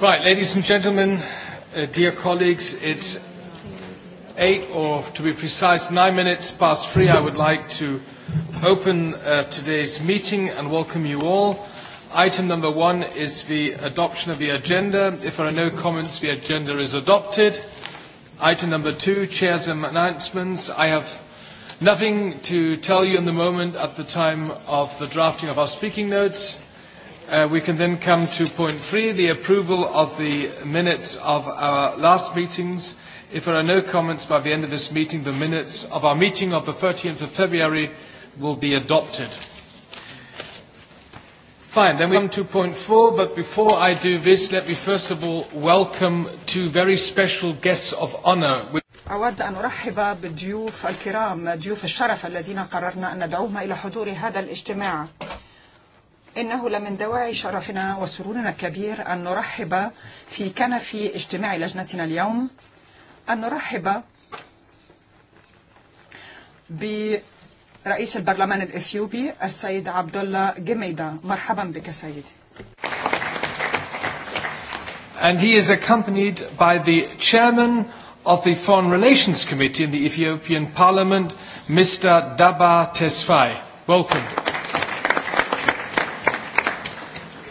Right, ladies and gentlemen, uh, dear colleagues, it's eight or to be precise, nine minutes past three. I would like to open uh, today's meeting and welcome you all. Item number one is the adoption of the agenda. If there are no comments, the agenda is adopted. Item number two, chairs and announcements. I have nothing to tell you in the moment at the time of the drafting of our speaking notes. Uh, we can then come to point three, the approval of the minutes of our last meetings. If there are no comments by the end of this meeting, the minutes of our meeting of the 13th of February will be adopted. Fine, then we come to point four, but before I do this, let me first of all welcome two very special guests of honor. أود أن أرحب بالضيوف الكرام ضيوف الشرف الذين قررنا أن ندعوهم إلى حضور هذا الاجتماع إنه لمن دواعي شرفنا وسروننا الكبير أن نرحب في كنف اجتماع لجنتنا اليوم أن نرحب برئيس البرلمان الإثيوبي السيد عبد الله جميدا مرحبا بك سيد And he is accompanied by the chairman of the Foreign Relations Committee in the Ethiopian Parliament, Mr. Daba Tesfaye. Welcome.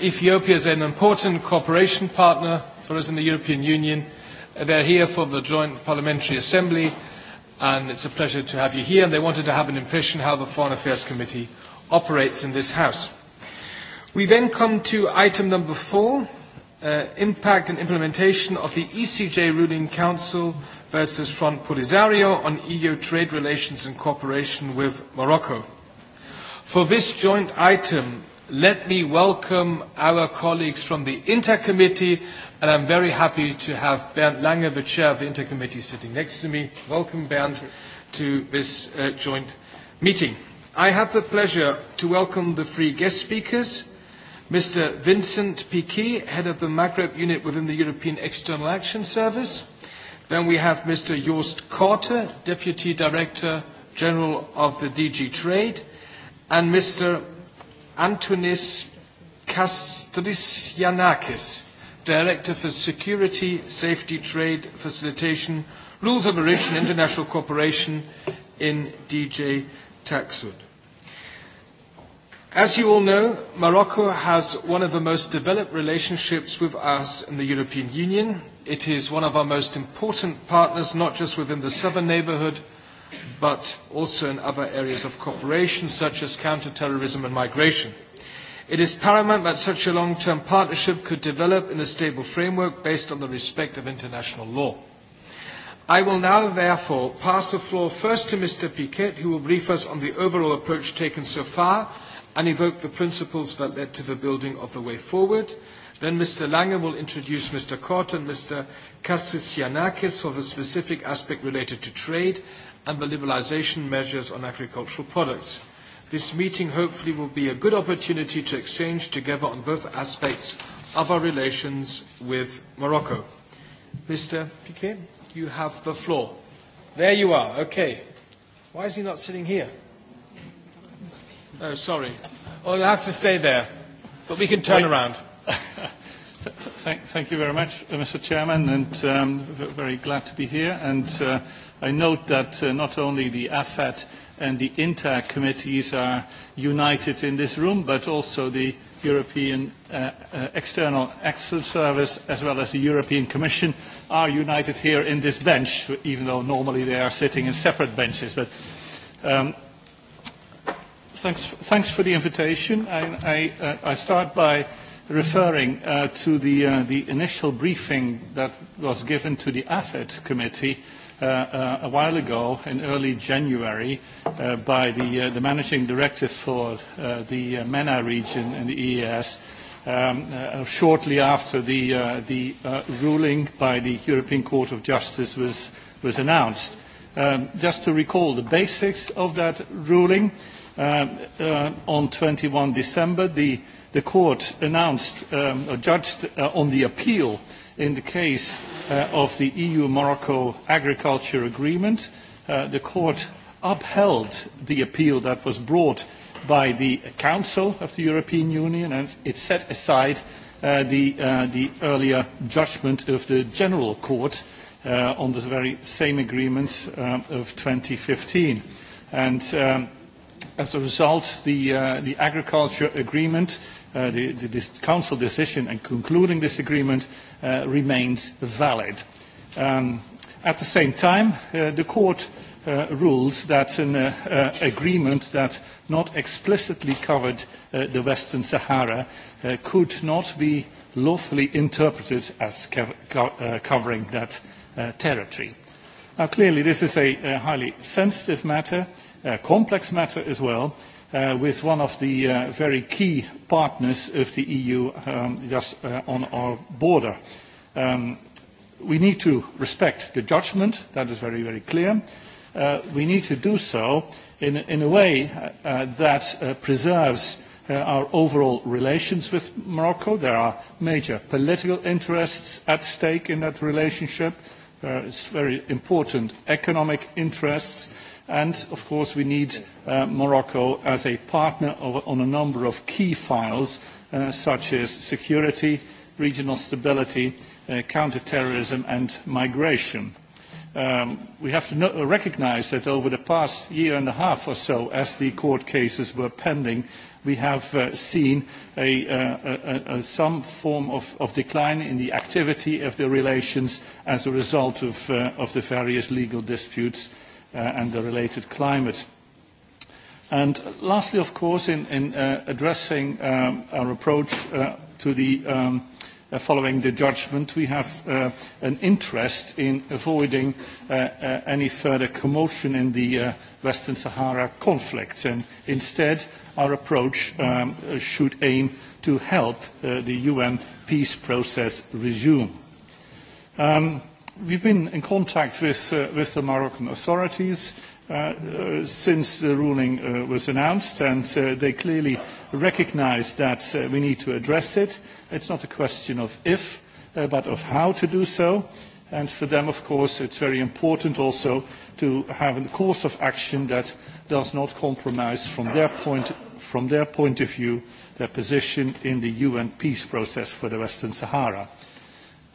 Ethiopia is an important cooperation partner for us in the European Union. They're here for the Joint Parliamentary Assembly, and it's a pleasure to have you here. And they wanted to have an impression how the Foreign Affairs Committee operates in this House. We then come to item number four, uh, impact and implementation of the ECJ ruling Council versus Front Polisario on EU trade relations and cooperation with Morocco. For this joint item, let me welcome our colleagues from the Inter Committee, and I'm very happy to have Bernd Lange, the chair of the Intercommittee, sitting next to me. Welcome, Bernd, to this uh, joint meeting. I have the pleasure to welcome the three guest speakers, Mr. Vincent Piquet, head of the Maghreb unit within the European External Action Service. Then we have Mr. Joost Korte, Deputy Director General of the DG Trade, and Mr. Antonis Kastrisyanakis, Director for Security, Safety, Trade, Facilitation, Rules of Origin, International Cooperation in DJ Taksud. As you all know, Morocco has one of the most developed relationships with us in the European Union. It is one of our most important partners, not just within the southern neighbourhood, but also in other areas of cooperation, such as counter-terrorism and migration. It is paramount that such a long-term partnership could develop in a stable framework based on the respect of international law. I will now, therefore, pass the floor first to Mr. Piquet, who will brief us on the overall approach taken so far and evoke the principles that led to the building of the way forward. Then Mr. Lange will introduce Mr. Cort and Mr. Kastisianakis for the specific aspect related to trade, and the liberalisation measures on agricultural products. This meeting hopefully will be a good opportunity to exchange together on both aspects of our relations with Morocco. Mr. Piquet, you have the floor. There you are, okay. Why is he not sitting here? Oh, sorry. Well, you'll have to stay there, but we can turn around. Thank, thank you very much, uh, Mr. Chairman, and um, very glad to be here. And uh, I note that uh, not only the AFAT and the INTA committees are united in this room, but also the European uh, uh, External Action Service as well as the European Commission are united here in this bench, even though normally they are sitting in separate benches. But um, thanks, thanks for the invitation. I, I, uh, I start by referring uh, to the, uh, the initial briefing that was given to the AFET committee Uh, uh, a while ago in early January uh, by the, uh, the managing director for uh, the uh, MENA region in the EES um, uh, shortly after the, uh, the uh, ruling by the European Court of Justice was, was announced. Um, just to recall the basics of that ruling, uh, uh, on 21 December, the, the court announced um, or judged uh, on the appeal uh, In the case uh, of the EU-Morocco agriculture agreement, uh, the court upheld the appeal that was brought by the Council of the European Union and it set aside uh, the, uh, the earlier judgment of the General Court uh, on the very same agreement um, of 2015. And um, as a result, the, uh, the agriculture agreement uh, the, the this Council decision and concluding this agreement uh, remains valid. Um, at the same time, uh, the Court uh, rules that an uh, uh, agreement that not explicitly covered uh, the Western Sahara uh, could not be lawfully interpreted as co co uh, covering that uh, territory. Now, clearly, this is a, a highly sensitive matter, a complex matter as well, uh, with one of the uh, very key partners of the EU um, just uh, on our border. Um, we need to respect the judgment, that is very, very clear. Uh, we need to do so in, in a way uh, that uh, preserves uh, our overall relations with Morocco. There are major political interests at stake in that relationship. Uh, There are very important economic interests. And, of course, we need uh, Morocco as a partner of, on a number of key files, uh, such as security, regional stability, uh, counterterrorism, and migration. Um, we have to know, uh, recognize that over the past year and a half or so, as the court cases were pending, we have uh, seen a, uh, a, a, some form of, of decline in the activity of the relations as a result of, uh, of the various legal disputes uh, and the related climate. And lastly, of course, in, in uh, addressing um, our approach uh, to the um, uh, following the judgment, we have uh, an interest in avoiding uh, uh, any further commotion in the uh, Western Sahara conflict And instead, our approach um, should aim to help uh, the UN peace process resume. Um, we've been in contact with, uh, with the Moroccan authorities uh, uh, since the ruling uh, was announced, and uh, they clearly recognize that uh, we need to address it. It's not a question of if, uh, but of how to do so. And for them, of course, it's very important also to have a course of action that does not compromise from their point, from their point of view their position in the UN peace process for the Western Sahara.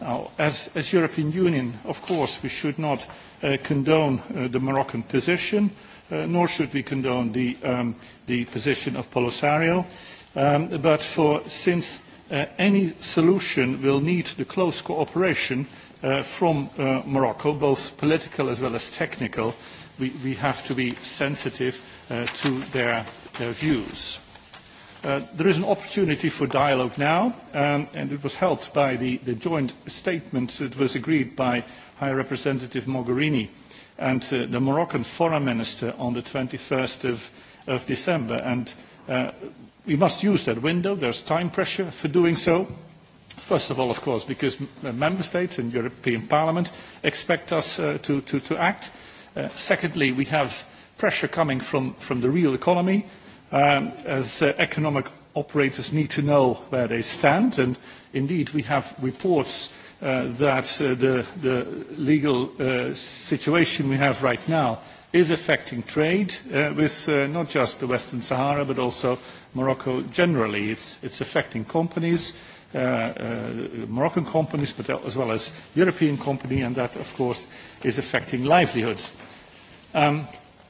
Now, as, as European Union, of course, we should not uh, condone uh, the Moroccan position, uh, nor should we condone the, um, the position of Polisario. Um, but for, since uh, any solution will need the close cooperation uh, from uh, Morocco, both political as well as technical, we, we have to be sensitive uh, to their, their views. Uh, there is an opportunity for dialogue now, um, and it was helped by the, the joint statement that was agreed by High Representative Mogherini and uh, the Moroccan Foreign Minister on the 21st of, of December. And uh, we must use that window. There's time pressure for doing so. First of all, of course, because uh, member states and European Parliament expect us uh, to, to, to act. Uh, secondly, we have pressure coming from, from the real economy um, as uh, economic operators need to know where they stand. And indeed, we have reports uh, that uh, the, the legal uh, situation we have right now is affecting trade uh, with uh, not just the Western Sahara, but also Morocco generally. It's, it's affecting companies, uh, uh, Moroccan companies, but as well as European companies, and that, of course, is affecting livelihoods. Um,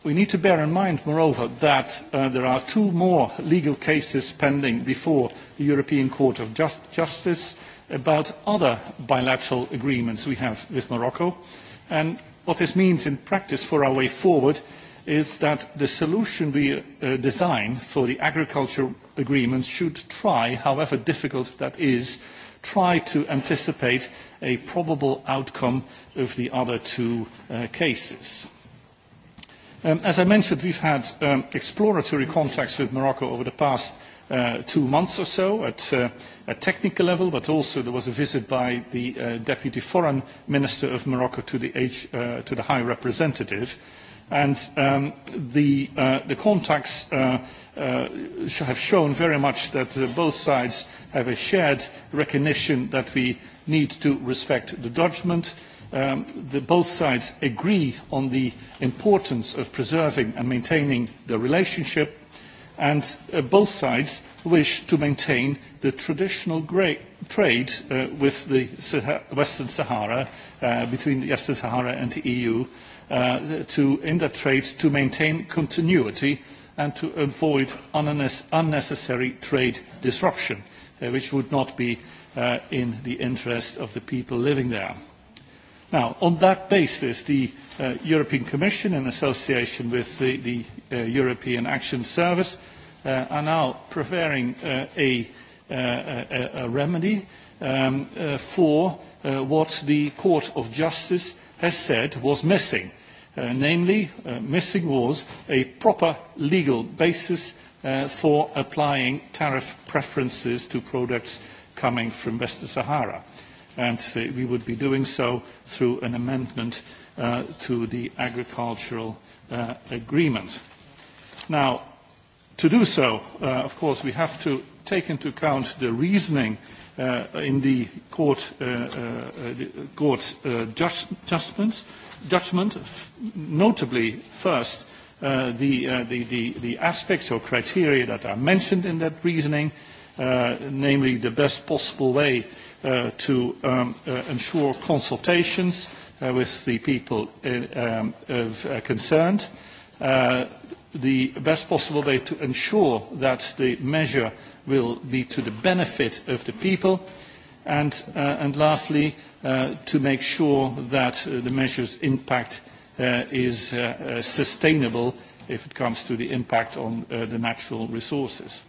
We need to bear in mind, moreover, that uh, there are two more legal cases pending before the European Court of Just Justice about other bilateral agreements we have with Morocco. And what this means in practice for our way forward is that the solution we uh, design for the agriculture agreements should try, however difficult that is, try to anticipate a probable outcome of the other two uh, cases. Um, as I mentioned, we've had um, exploratory contacts with Morocco over the past uh, two months or so at uh, a technical level, but also there was a visit by the uh, Deputy Foreign Minister of Morocco to the, H, uh, to the High Representative. And um, the, uh, the contacts uh, uh, have shown very much that uh, both sides have a shared recognition that we need to respect the judgment, um, the, both sides agree on the importance of preserving and maintaining the relationship, and uh, both sides wish to maintain the traditional great trade uh, with the Sahara, Western Sahara, uh, between the Western Sahara and the EU, uh, to, in that trade to maintain continuity and to avoid unnecessary trade disruption, uh, which would not be uh, in the interest of the people living there. Now, on that basis, the uh, European Commission, in association with the, the uh, European Action Service, uh, are now preparing uh, a, uh, a, a remedy um, uh, for uh, what the Court of Justice has said was missing. Uh, namely, uh, missing was a proper legal basis uh, for applying tariff preferences to products coming from Western Sahara and say we would be doing so through an amendment uh, to the agricultural uh, agreement. Now, to do so, uh, of course, we have to take into account the reasoning uh, in the court, uh, uh, uh the court's uh, judgments, judgment, notably first, uh, the, uh, the, the, the aspects or criteria that are mentioned in that reasoning, uh, namely the best possible way uh, to um, uh, ensure consultations uh, with the people in, um, of, uh, concerned, uh, the best possible way to ensure that the measure will be to the benefit of the people, and, uh, and lastly, uh, to make sure that uh, the measure's impact uh, is uh, uh, sustainable if it comes to the impact on uh, the natural resources.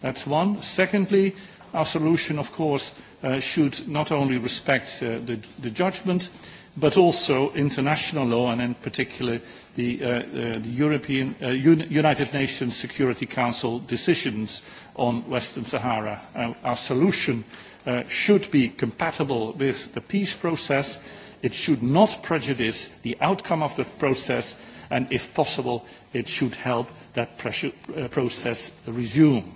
That's one. Secondly, our solution, of course, uh, should not only respect uh, the, the judgment, but also international law, and in particular the, uh, uh, the European, uh, Un United Nations Security Council decisions on Western Sahara. Uh, our solution uh, should be compatible with the peace process. It should not prejudice the outcome of the process, and if possible, it should help that pressure, uh, process resume.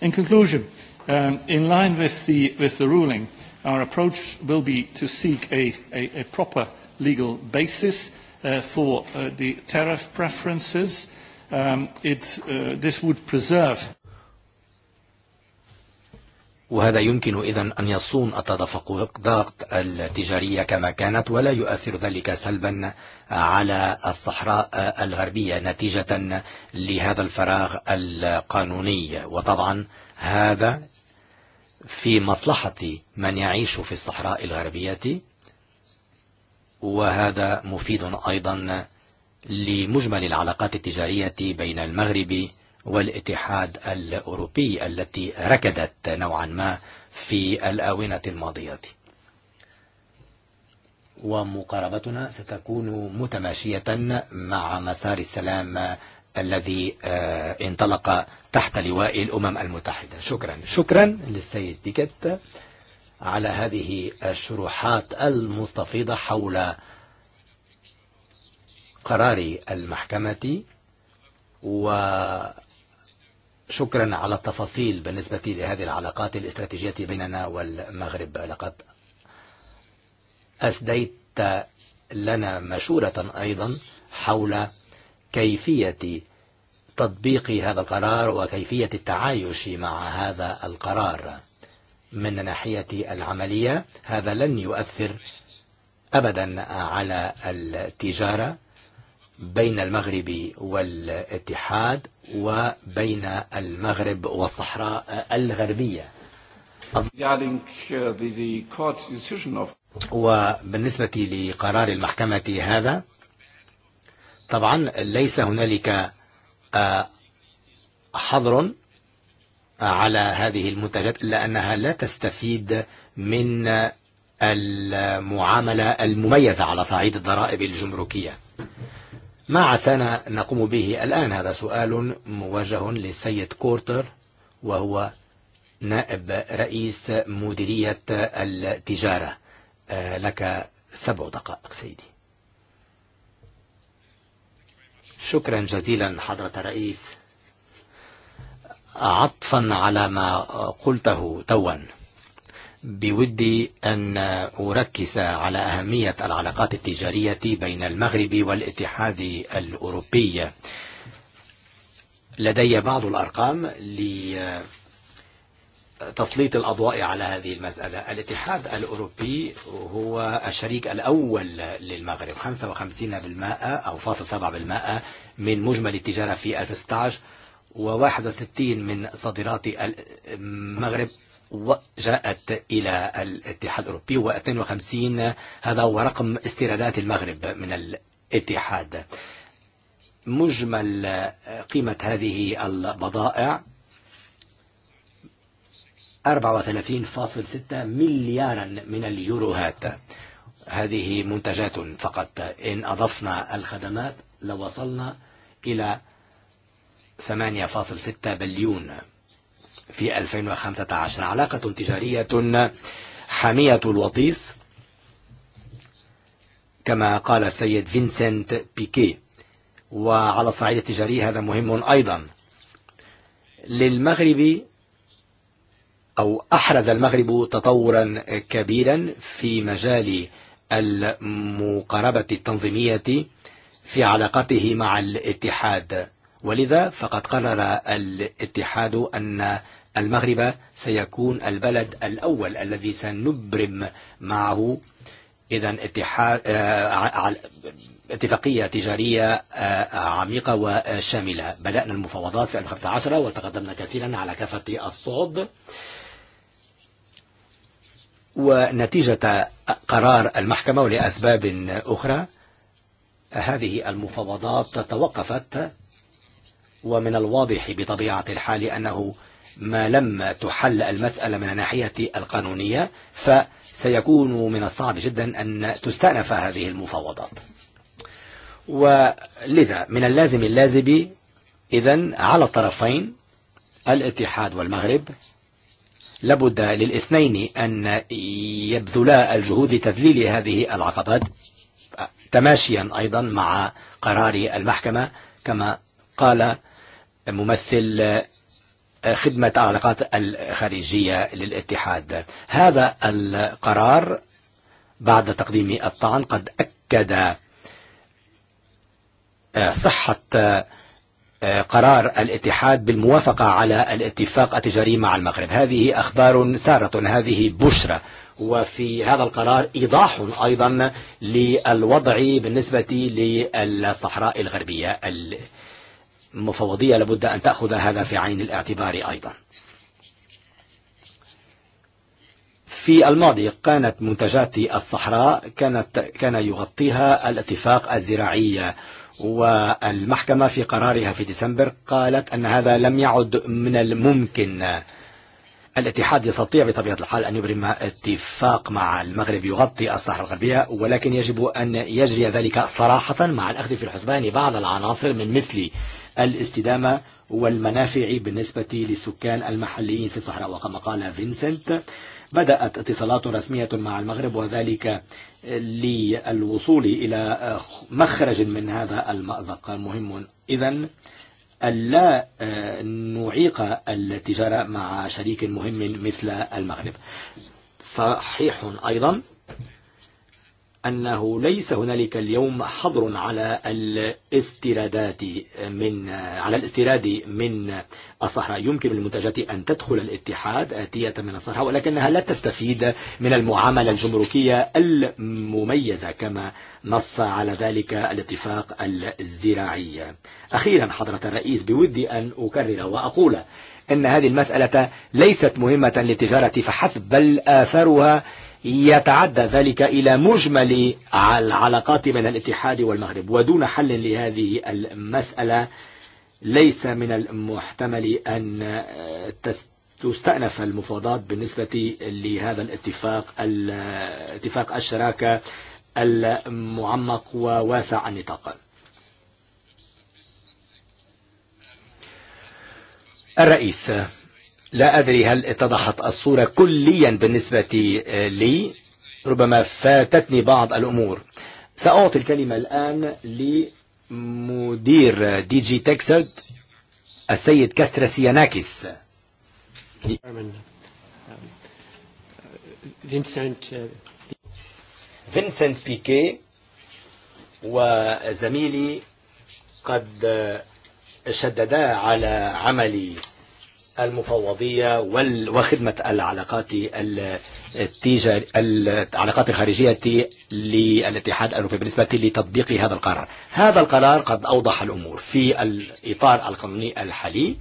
In conclusion, Um, in line with the, with the ruling, our approach will be to seek a, a, a proper legal basis uh, for uh, the tariff preferences. Um, it, uh, this would preserve وهذا يمكن إذا أن يصون التدفق التدفقات التجارية كما كانت ولا يؤثر ذلك سلبا على الصحراء الغربية نتيجة لهذا الفراغ القانوني وطبعا هذا في مصلحة من يعيش في الصحراء الغربية وهذا مفيد أيضا لمجمل العلاقات التجارية بين المغرب والاتحاد الأوروبي التي ركدت نوعا ما في الآونة الماضية ومقاربتنا ستكون متماشية مع مسار السلام الذي انطلق تحت لواء الأمم المتحدة شكرا شكرا للسيد بيكت على هذه الشروحات المستفيضة حول قرار المحكمة وشكرا على التفاصيل بالنسبة لهذه العلاقات الاستراتيجية بيننا والمغرب لقد أسديت لنا مشورة أيضا حول كيفية تطبيق هذا القرار وكيفية التعايش مع هذا القرار من ناحية العملية هذا لن يؤثر أبدا على التجارة بين المغرب والاتحاد وبين المغرب والصحراء الغربية uh, وبالنسبة لقرار المحكمة هذا طبعا ليس هنالك حظر على هذه المنتجات إلا أنها لا تستفيد من المعاملة المميزة على صعيد الضرائب الجمركية ما عسانا نقوم به الآن هذا سؤال موجه للسيد كورتر وهو نائب رئيس مديرية التجارة لك سبع دقائق سيدي شكرا جزيلا حضرة الرئيس عطفا على ما قلته توا بودي أن أركز على أهمية العلاقات التجارية بين المغرب والاتحاد الأوروبي لدي بعض الأرقام لأرقام تسليط الأضواء على هذه المسألة الاتحاد الأوروبي هو الشريك الأول للمغرب 55% أو فاصل 7% من مجمل التجارة في 2016 و61 من صادرات المغرب جاءت إلى الاتحاد الأوروبي و52 هذا هو رقم استيرادات المغرب من الاتحاد مجمل قيمة هذه البضائع 34.6 مليارا من اليوروهات هذه منتجات فقط إن أضفنا الخدمات لوصلنا إلى 8.6 بليون في 2015 علاقة تجارية حامية الوطيس كما قال السيد فينسنت بيكي وعلى الصعيد التجاري هذا مهم أيضا للمغرب أو أحرز المغرب تطورا كبيرا في مجال المقاربة التنظيمية في علاقته مع الاتحاد ولذا فقد قرر الاتحاد أن المغرب سيكون البلد الأول الذي سنبرم معه إذا اتحاد اتفاقية تجارية عميقة وشاملة بدأنا المفاوضات في 2015 وتقدمنا كثيرا على كافة الصعد ونتيجة قرار المحكمة ولأسباب أخرى هذه المفاوضات توقفت ومن الواضح بطبيعة الحال أنه ما لم تحل المسألة من الناحية القانونية فسيكون من الصعب جدا أن تستأنف هذه المفاوضات ولذا من اللازم اللازم إذن على الطرفين الاتحاد والمغرب لابد للاثنين أن يبذلا الجهود لتذليل هذه العقبات تماشيا أيضا مع قرار المحكمة كما قال ممثل خدمة العلاقات الخارجية للاتحاد هذا القرار بعد تقديم الطعن قد أكد صحة قرار الاتحاد بالموافقة على الاتفاق التجاري مع المغرب هذه أخبار سارة هذه بشرة وفي هذا القرار إيضاح أيضا للوضع بالنسبة للصحراء الغربية المفوضية لابد أن تأخذ هذا في عين الاعتبار أيضا في الماضي كانت منتجات الصحراء كانت كان يغطيها الاتفاق الزراعي والمحكمة في قرارها في ديسمبر قالت أن هذا لم يعد من الممكن الاتحاد يستطيع بطبيعة الحال أن يبرم اتفاق مع المغرب يغطي الصحراء الغربية ولكن يجب أن يجري ذلك صراحة مع الأخذ في الحسبان بعض العناصر من مثل الاستدامة والمنافع بالنسبة لسكان المحليين في الصحراء وكما قال فينسنت بدأت اتصالات رسمية مع المغرب وذلك للوصول إلى مخرج من هذا المأزق مهم إذا ألا نعيق التجارة مع شريك مهم مثل المغرب صحيح أيضا أنه ليس هنالك اليوم حظر على الاستيرادات من على الاستيراد من الصحراء يمكن للمنتجات أن تدخل الاتحاد آتية من الصحراء ولكنها لا تستفيد من المعاملة الجمركية المميزة كما نص على ذلك الاتفاق الزراعي أخيرا حضرة الرئيس بودي أن أكرر وأقول أن هذه المسألة ليست مهمة للتجارة فحسب بل آثارها يتعدى ذلك إلى مجمل العلاقات بين الاتحاد والمغرب ودون حل لهذه المسألة ليس من المحتمل أن تستأنف المفاوضات بالنسبة لهذا الاتفاق الاتفاق الشراكة المعمق وواسع النطاق الرئيس لا أدري هل اتضحت الصورة كليا بالنسبة لي ربما فاتتني بعض الأمور سأعطي الكلمة الآن لمدير دي جي تكسد السيد كاسترا سياناكس فينسنت بيكي وزميلي قد شددا على عملي المفوضية وخدمة العلاقات التجار العلاقات الخارجية للاتحاد الأوروبي بالنسبة لتطبيق هذا القرار هذا القرار قد أوضح الأمور في الإطار القانوني الحالي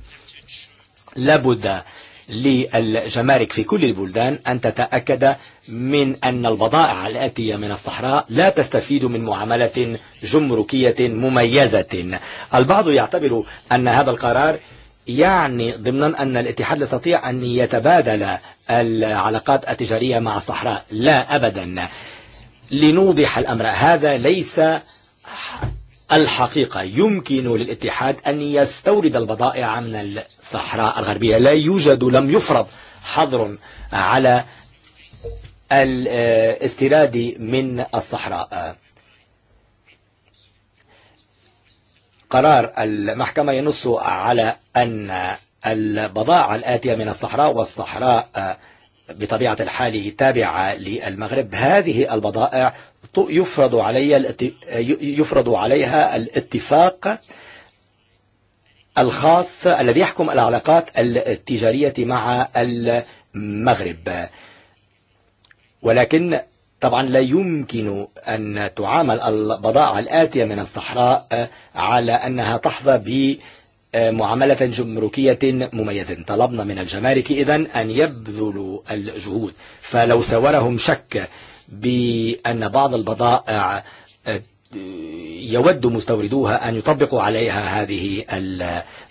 لابد للجمارك في كل البلدان أن تتأكد من أن البضائع الآتية من الصحراء لا تستفيد من معاملة جمركية مميزة البعض يعتبر أن هذا القرار يعني ضمنا أن الاتحاد يستطيع أن يتبادل العلاقات التجارية مع الصحراء لا أبدا لنوضح الأمر هذا ليس الحقيقة يمكن للاتحاد أن يستورد البضائع من الصحراء الغربية لا يوجد لم يفرض حظر على الاستيراد من الصحراء قرار المحكمة ينص على أن البضاعة الآتية من الصحراء والصحراء بطبيعة الحال تابعة للمغرب هذه البضائع يفرض, علي يفرض عليها الاتفاق الخاص الذي يحكم العلاقات التجارية مع المغرب ولكن طبعا لا يمكن أن تعامل البضائع الآتية من الصحراء على أنها تحظى بمعاملة جمركية مميزة طلبنا من الجمارك إذن أن يبذلوا الجهود فلو سورهم شك بأن بعض البضائع يود مستوردوها أن يطبقوا عليها هذه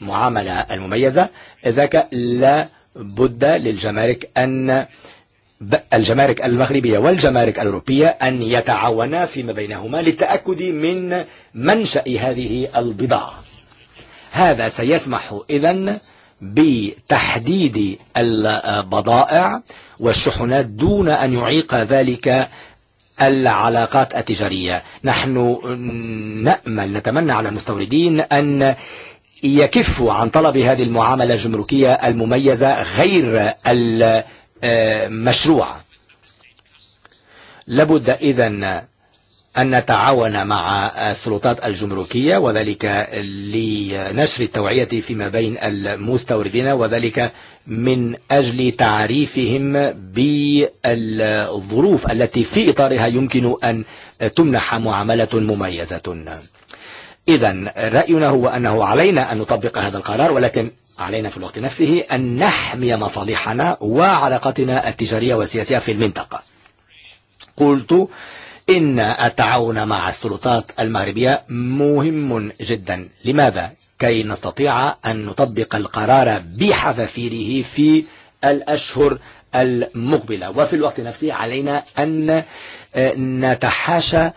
المعاملة المميزة ذاك لا بد للجمارك أن يبذلوا الجمارك المغربية والجمارك الأوروبية أن يتعاونا فيما بينهما للتأكد من منشأ هذه البضاعة هذا سيسمح إذن بتحديد البضائع والشحنات دون أن يعيق ذلك العلاقات التجارية نحن نأمل نتمنى على المستوردين أن يكفوا عن طلب هذه المعاملة الجمركية المميزة غير الجمركية مشروعة لابد إذا أن نتعاون مع السلطات الجمركية وذلك لنشر التوعية فيما بين المستوردين وذلك من أجل تعريفهم بالظروف التي في إطارها يمكن أن تمنح معاملة مميزة إذا رأينا هو أنه علينا أن نطبق هذا القرار ولكن علينا في الوقت نفسه أن نحمي مصالحنا وعلاقتنا التجارية والسياسية في المنطقة قلت إن التعاون مع السلطات المغربية مهم جدا لماذا؟ كي نستطيع أن نطبق القرار بحذافيره في الأشهر المقبلة وفي الوقت نفسه علينا أن نتحاشى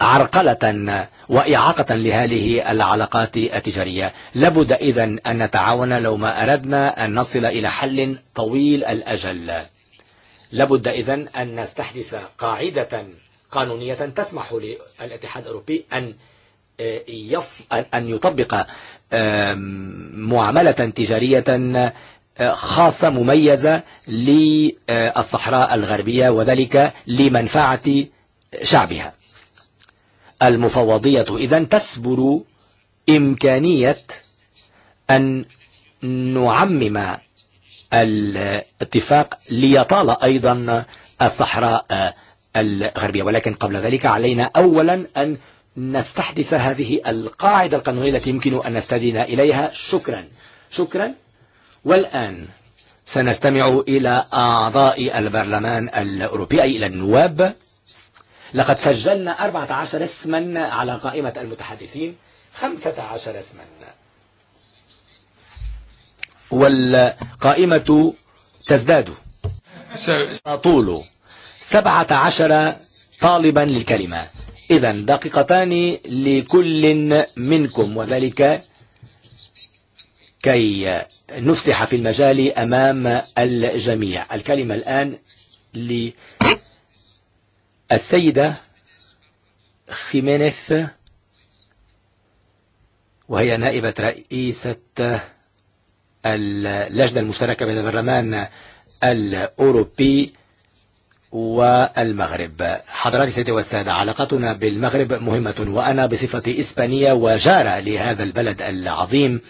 عرقلة وإعاقة لهذه العلاقات التجارية لابد إذن أن نتعاون لو ما أردنا أن نصل إلى حل طويل الأجل لابد إذن أن نستحدث قاعدة قانونية تسمح للاتحاد الأوروبي أن يف أن يطبق معاملة تجارية خاصة مميزة للصحراء الغربية وذلك لمنفعة شعبها المفوضية إذا تسبر إمكانية أن نعمم الاتفاق ليطال أيضا الصحراء الغربية ولكن قبل ذلك علينا أولا أن نستحدث هذه القاعدة القانونية التي يمكن أن نستدين إليها شكرا شكرا والآن سنستمع إلى أعضاء البرلمان الأوروبي أي إلى النواب لقد سجلنا 14 اسما على قائمة المتحدثين 15 اسما والقائمة تزداد طول 17 طالبا للكلمة إذن دقيقتان لكل منكم وذلك كي نفسح في المجال أمام الجميع الكلمة الآن السيدة خيمينيث وهي نائبة رئيسة اللجنة المشتركة بين البرلمان الأوروبي والمغرب حضراتي السيدة والسادة علاقتنا بالمغرب مهمة وأنا بصفة إسبانية وجارة لهذا البلد العظيم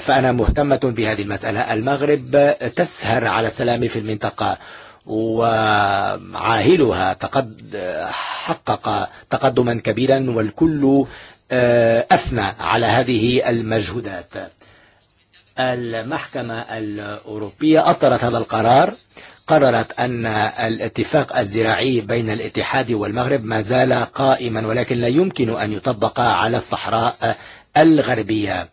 فأنا مهتمة بهذه المسألة المغرب تسهر على السلام في المنطقة وعاهلها تقد حقق تقدما كبيرا والكل أثنى على هذه المجهودات المحكمة الأوروبية أصدرت هذا القرار قررت أن الاتفاق الزراعي بين الاتحاد والمغرب ما زال قائما ولكن لا يمكن أن يطبق على الصحراء الغربية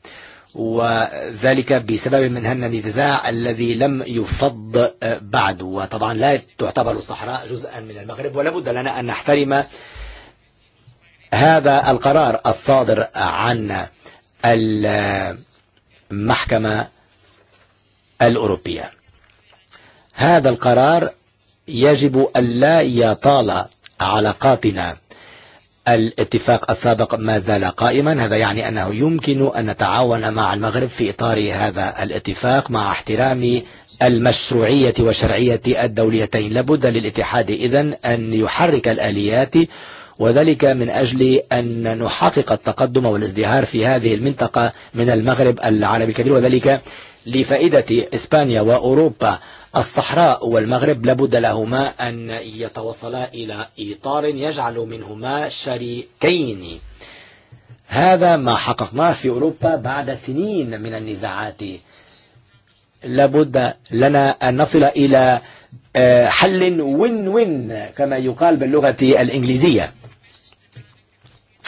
وذلك بسبب من منها النزاع الذي لم يفض بعد وطبعا لا تعتبر الصحراء جزءا من المغرب ولابد لنا أن نحترم هذا القرار الصادر عن المحكمة الأوروبية هذا القرار يجب أن لا يطال علاقاتنا الاتفاق السابق ما زال قائما هذا يعني أنه يمكن أن نتعاون مع المغرب في إطار هذا الاتفاق مع احترام المشروعية وشرعية الدوليتين لابد للاتحاد إذن أن يحرك الآليات وذلك من أجل أن نحقق التقدم والازدهار في هذه المنطقة من المغرب العربي الكبير وذلك لفائدة إسبانيا وأوروبا الصحراء والمغرب لابد لهما أن يتوصلا إلى إطار يجعل منهما شريكين هذا ما حققناه في أوروبا بعد سنين من النزاعات لابد لنا أن نصل إلى حل وين وين كما يقال باللغة الإنجليزية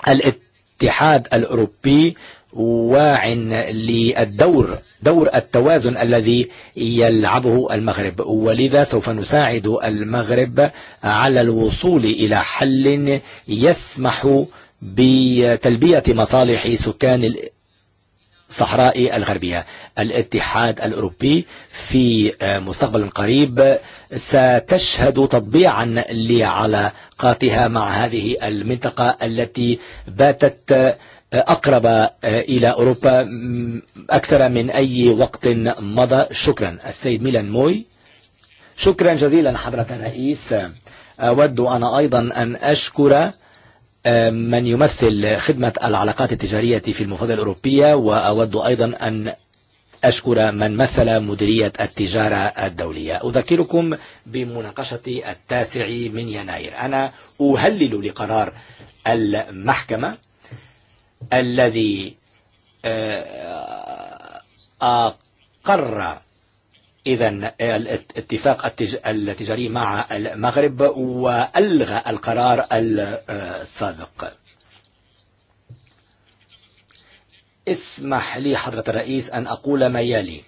الاتحاد الأوروبي واع للدور دور التوازن الذي يلعبه المغرب ولذا سوف نساعد المغرب على الوصول إلى حل يسمح بتلبية مصالح سكان الصحراء الغربية الاتحاد الأوروبي في مستقبل قريب ستشهد تطبيعا لعلاقاتها مع هذه المنطقة التي باتت أقرب إلى أوروبا أكثر من أي وقت مضى شكرا السيد ميلان موي شكرا جزيلا حضرة الرئيس أود أنا أيضا أن أشكر من يمثل خدمة العلاقات التجارية في المفوضية الأوروبية وأود أيضا أن أشكر من مثل مديرية التجارة الدولية أذكركم بمناقشة التاسع من يناير أنا أهلل لقرار المحكمة الذي أقر إذا الاتفاق التجاري مع المغرب وألغى القرار السابق اسمح لي حضرة الرئيس أن أقول ما يلي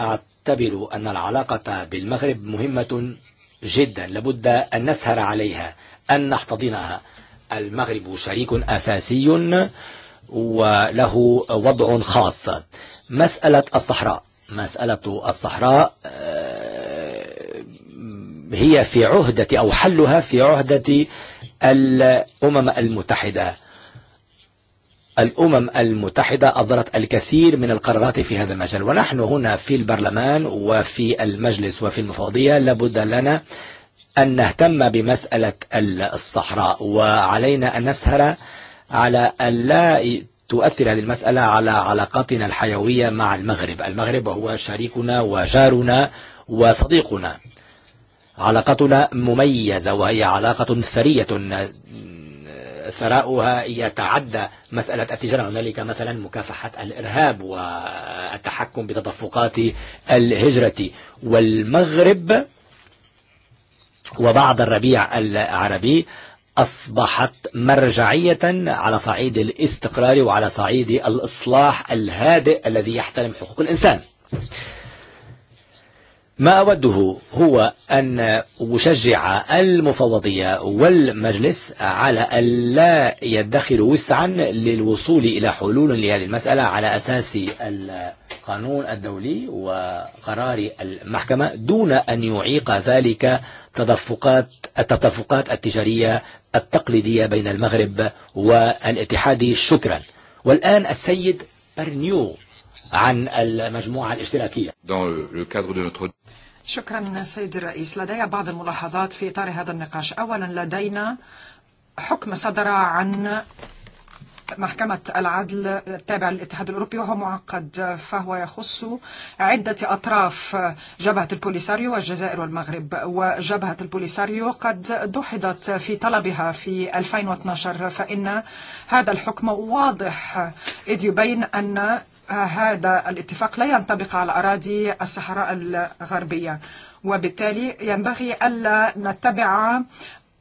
أعتبر أن العلاقة بالمغرب مهمة جدا لابد أن نسهر عليها أن نحتضنها المغرب شريك أساسي وله وضع خاص مسألة الصحراء مسألة الصحراء هي في عهدة أو حلها في عهدة الأمم المتحدة الأمم المتحدة أصدرت الكثير من القرارات في هذا المجال ونحن هنا في البرلمان وفي المجلس وفي المفوضية لابد لنا أن نهتم بمسألة الصحراء وعلينا أن نسهر على ألا تؤثر هذه المسألة على علاقاتنا الحيوية مع المغرب المغرب هو شريكنا وجارنا وصديقنا علاقتنا مميزة وهي علاقة ثرية ثراؤها يتعدى مسألة التجارة هنالك مثلا مكافحة الإرهاب والتحكم بتدفقات الهجرة والمغرب وبعد الربيع العربي أصبحت مرجعية على صعيد الاستقرار وعلى صعيد الإصلاح الهادئ الذي يحترم حقوق الإنسان ما أوده هو أن أشجع المفوضية والمجلس على ألا يدخل وسعا للوصول إلى حلول لهذه المسألة على أساس القانون الدولي وقرار المحكمة دون أن يعيق ذلك تدفقات التدفقات التجارية التقليدية بين المغرب والاتحاد شكرا والآن السيد برنيو عن المجموعة الاشتراكية. شكرا سيد الرئيس لدي بعض الملاحظات في إطار هذا النقاش أولا لدينا حكم صدر عن محكمة العدل التابعة للاتحاد الأوروبي وهو معقد فهو يخص عدة أطراف جبهة البوليساريو والجزائر والمغرب وجبهة البوليساريو قد دحضت في طلبها في 2012 فإن هذا الحكم واضح إذ يبين أن هذا الاتفاق لا ينطبق على أراضي الصحراء الغربية وبالتالي ينبغي ألا نتبع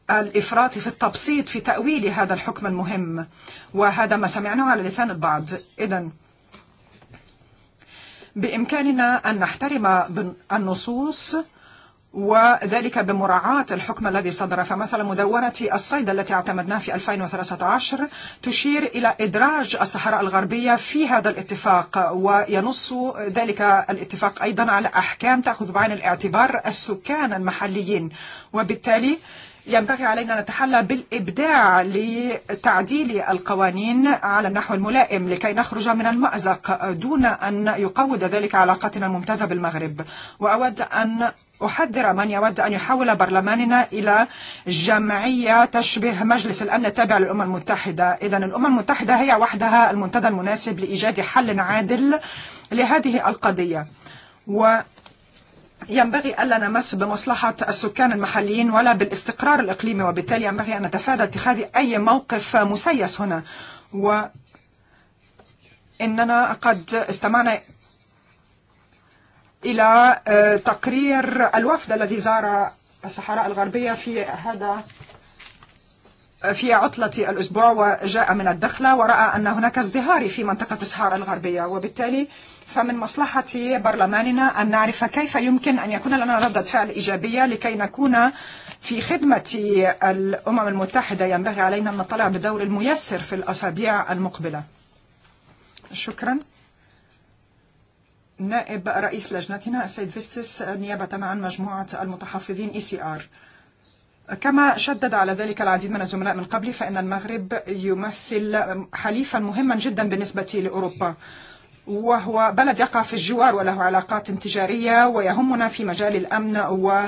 الإفراط في التبسيط في تأويل هذا الحكم المهم وهذا ما سمعناه على لسان البعض إذن بإمكاننا أن نحترم النصوص وذلك بمراعاة الحكم الذي صدر فمثلا مدونة الصيد التي اعتمدناها في 2013 تشير إلى إدراج الصحراء الغربية في هذا الاتفاق وينص ذلك الاتفاق أيضا على أحكام تأخذ بعين الاعتبار السكان المحليين وبالتالي ينبغي علينا نتحلى بالإبداع لتعديل القوانين على النحو الملائم لكي نخرج من المأزق دون أن يقود ذلك علاقتنا الممتازة بالمغرب وأود أن أحذر من يود أن يحول برلماننا إلى جمعية تشبه مجلس الأمن التابع للأمم المتحدة إذا الأمم المتحدة هي وحدها المنتدى المناسب لإيجاد حل عادل لهذه القضية و ينبغي ألا نمس بمصلحة السكان المحليين ولا بالاستقرار الإقليمي وبالتالي ينبغي أن نتفادى اتخاذ أي موقف مسيس هنا و إننا قد استمعنا إلى تقرير الوفد الذي زار الصحراء الغربية في هذا في عطلة الأسبوع وجاء من الدخلة ورأى أن هناك ازدهار في منطقة الصحراء الغربية وبالتالي فمن مصلحة برلماننا أن نعرف كيف يمكن أن يكون لنا ردة فعل إيجابية لكي نكون في خدمة الأمم المتحدة ينبغي علينا أن نطلع بدور الميسر في الأسابيع المقبلة شكرا نائب رئيس لجنتنا السيد فيستس نيابة عن مجموعة المتحفظين إي سي آر كما شدد على ذلك العديد من الزملاء من قبل فإن المغرب يمثل حليفا مهما جدا بالنسبة لأوروبا وهو بلد يقع في الجوار وله علاقات تجارية ويهمنا في مجال الأمن و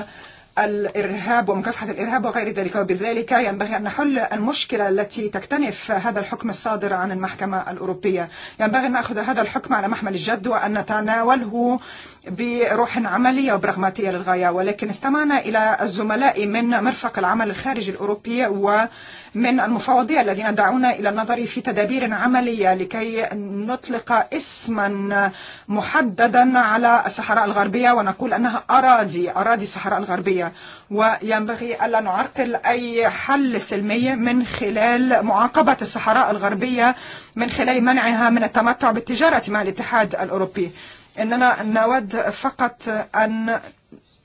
الإرهاب ومكافحة الإرهاب وغير ذلك وبذلك ينبغي أن نحل المشكلة التي تكتنف هذا الحكم الصادر عن المحكمة الأوروبية ينبغي أن نأخذ هذا الحكم على محمل الجد وأن نتناوله بروح عملية وبرغماتية للغاية ولكن استمعنا إلى الزملاء من مرفق العمل الخارجي الأوروبي ومن المفوضية الذين دعونا إلى النظر في تدابير عملية لكي نطلق اسما محددا على الصحراء الغربية ونقول أنها أراضي أراضي الصحراء الغربية وينبغي ألا نعرقل أي حل سلمي من خلال معاقبة الصحراء الغربية من خلال منعها من التمتع بالتجارة مع الاتحاد الأوروبي أننا نود فقط أن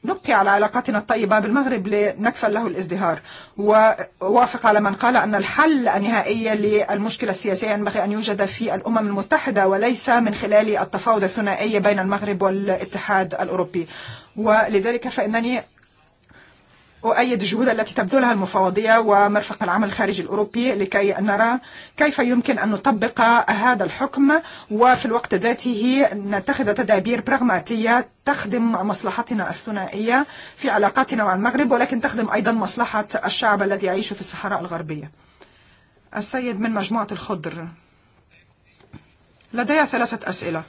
نبقي على علاقاتنا الطيبة بالمغرب لنكفل له الازدهار ووافق على من قال أن الحل النهائي للمشكلة السياسية ينبغي أن يوجد في الأمم المتحدة وليس من خلال التفاوض الثنائي بين المغرب والاتحاد الأوروبي ولذلك فإنني وأيد الجهود التي تبذلها المفوضية ومرفق العمل الخارجي الأوروبي لكي نرى كيف يمكن أن نطبق هذا الحكم وفي الوقت ذاته نتخذ تدابير براغماتية تخدم مصلحتنا الثنائية في علاقاتنا مع المغرب ولكن تخدم أيضا مصلحة الشعب الذي يعيش في الصحراء الغربية السيد من مجموعة الخضر لدي ثلاثة أسئلة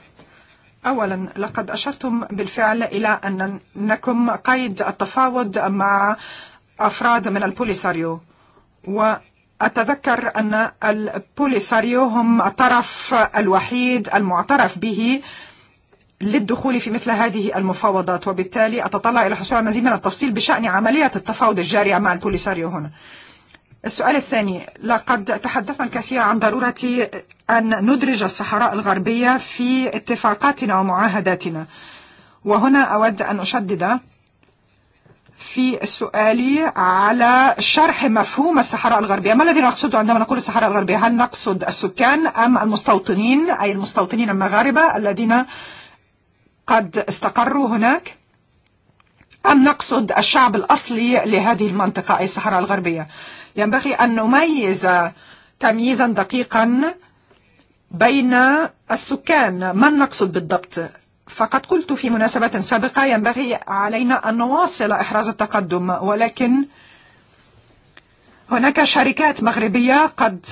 أولا لقد أشرتم بالفعل إلى أنكم قيد التفاوض مع أفراد من البوليساريو وأتذكر أن البوليساريو هم الطرف الوحيد المعترف به للدخول في مثل هذه المفاوضات وبالتالي أتطلع إلى حصول مزيد من التفصيل بشأن عملية التفاوض الجارية مع البوليساريو هنا السؤال الثاني لقد تحدثنا كثيرا عن ضرورة أن ندرج الصحراء الغربية في اتفاقاتنا ومعاهداتنا وهنا أود أن أشدد في سؤالي على شرح مفهوم الصحراء الغربية ما الذي نقصده عندما نقول الصحراء الغربية هل نقصد السكان أم المستوطنين أي المستوطنين المغاربة الذين قد استقروا هناك أم نقصد الشعب الأصلي لهذه المنطقة أي الصحراء الغربية ينبغي أن نميز تمييزا دقيقا بين السكان من نقصد بالضبط فقد قلت في مناسبة سابقة ينبغي علينا أن نواصل إحراز التقدم ولكن هناك شركات مغربية قد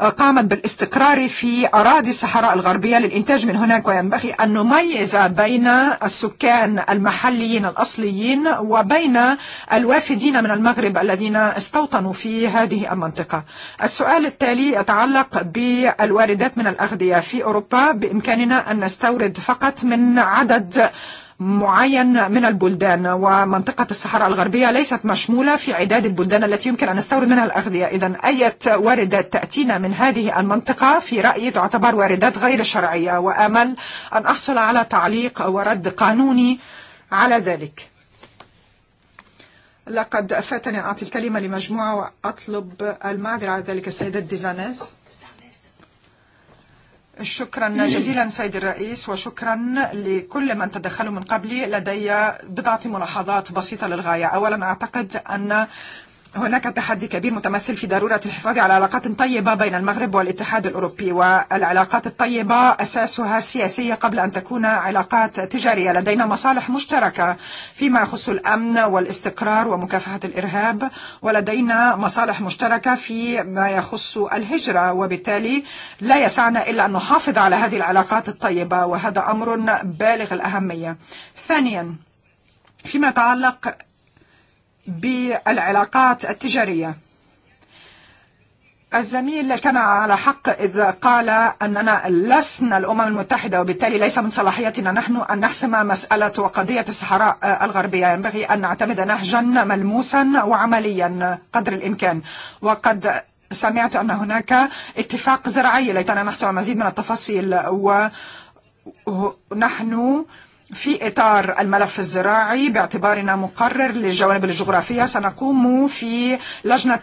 قامت بالاستقرار في أراضي الصحراء الغربية للإنتاج من هناك وينبغي أن نميز بين السكان المحليين الأصليين وبين الوافدين من المغرب الذين استوطنوا في هذه المنطقة السؤال التالي يتعلق بالواردات من الأغذية في أوروبا بإمكاننا أن نستورد فقط من عدد معين من البلدان ومنطقة الصحراء الغربية ليست مشمولة في عداد البلدان التي يمكن أن نستورد منها الأغذية إذا أي واردات تأتينا من هذه المنطقة في رأيي تعتبر واردات غير شرعية وأمل أن أحصل على تعليق ورد قانوني على ذلك لقد فاتني أن أعطي الكلمة لمجموعة وأطلب المعذرة على ذلك السيدة ديزانيس شكرا جزيلا سيد الرئيس وشكرا لكل من تدخلوا من قبلي لدي بضعة ملاحظات بسيطة للغاية أولا أعتقد أن هناك تحدي كبير متمثل في ضرورة الحفاظ على علاقات طيبة بين المغرب والاتحاد الأوروبي والعلاقات الطيبة أساسها سياسية قبل أن تكون علاقات تجارية لدينا مصالح مشتركة فيما يخص الأمن والاستقرار ومكافحة الإرهاب ولدينا مصالح مشتركة فيما يخص الهجرة وبالتالي لا يسعنا إلا أن نحافظ على هذه العلاقات الطيبة وهذا أمر بالغ الأهمية ثانيا فيما يتعلق بالعلاقات التجارية الزميل كان على حق إذا قال أننا لسنا الأمم المتحدة وبالتالي ليس من صلاحيتنا نحن أن نحسم مسألة وقضية الصحراء الغربية ينبغي أن نعتمد نهجا ملموسا وعمليا قدر الإمكان وقد سمعت أن هناك اتفاق زراعي ليتنا نحصل مزيد من التفاصيل ونحن نحن في إطار الملف الزراعي باعتبارنا مقرر للجوانب الجغرافية سنقوم في لجنة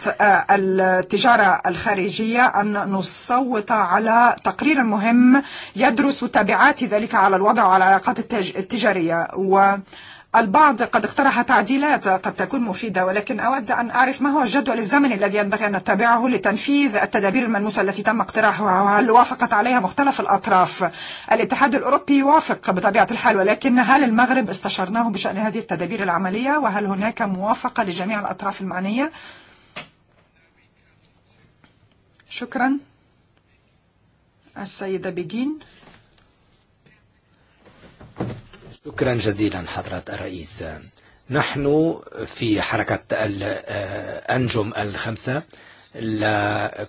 التجارة الخارجية أن نصوت على تقرير مهم يدرس تبعات ذلك على الوضع وعلى العلاقات التجارية و البعض قد اقترح تعديلات قد تكون مفيدة ولكن أود أن أعرف ما هو الجدول الزمني الذي ينبغي أن نتبعه لتنفيذ التدابير الملموسة التي تم اقتراحها وهل وافقت عليها مختلف الأطراف الاتحاد الأوروبي يوافق بطبيعة الحال ولكن هل المغرب استشرناه بشأن هذه التدابير العملية وهل هناك موافقة لجميع الأطراف المعنية شكرا السيدة بيجين شكرا جزيلا حضرة الرئيس نحن في حركة الأنجم الخمسة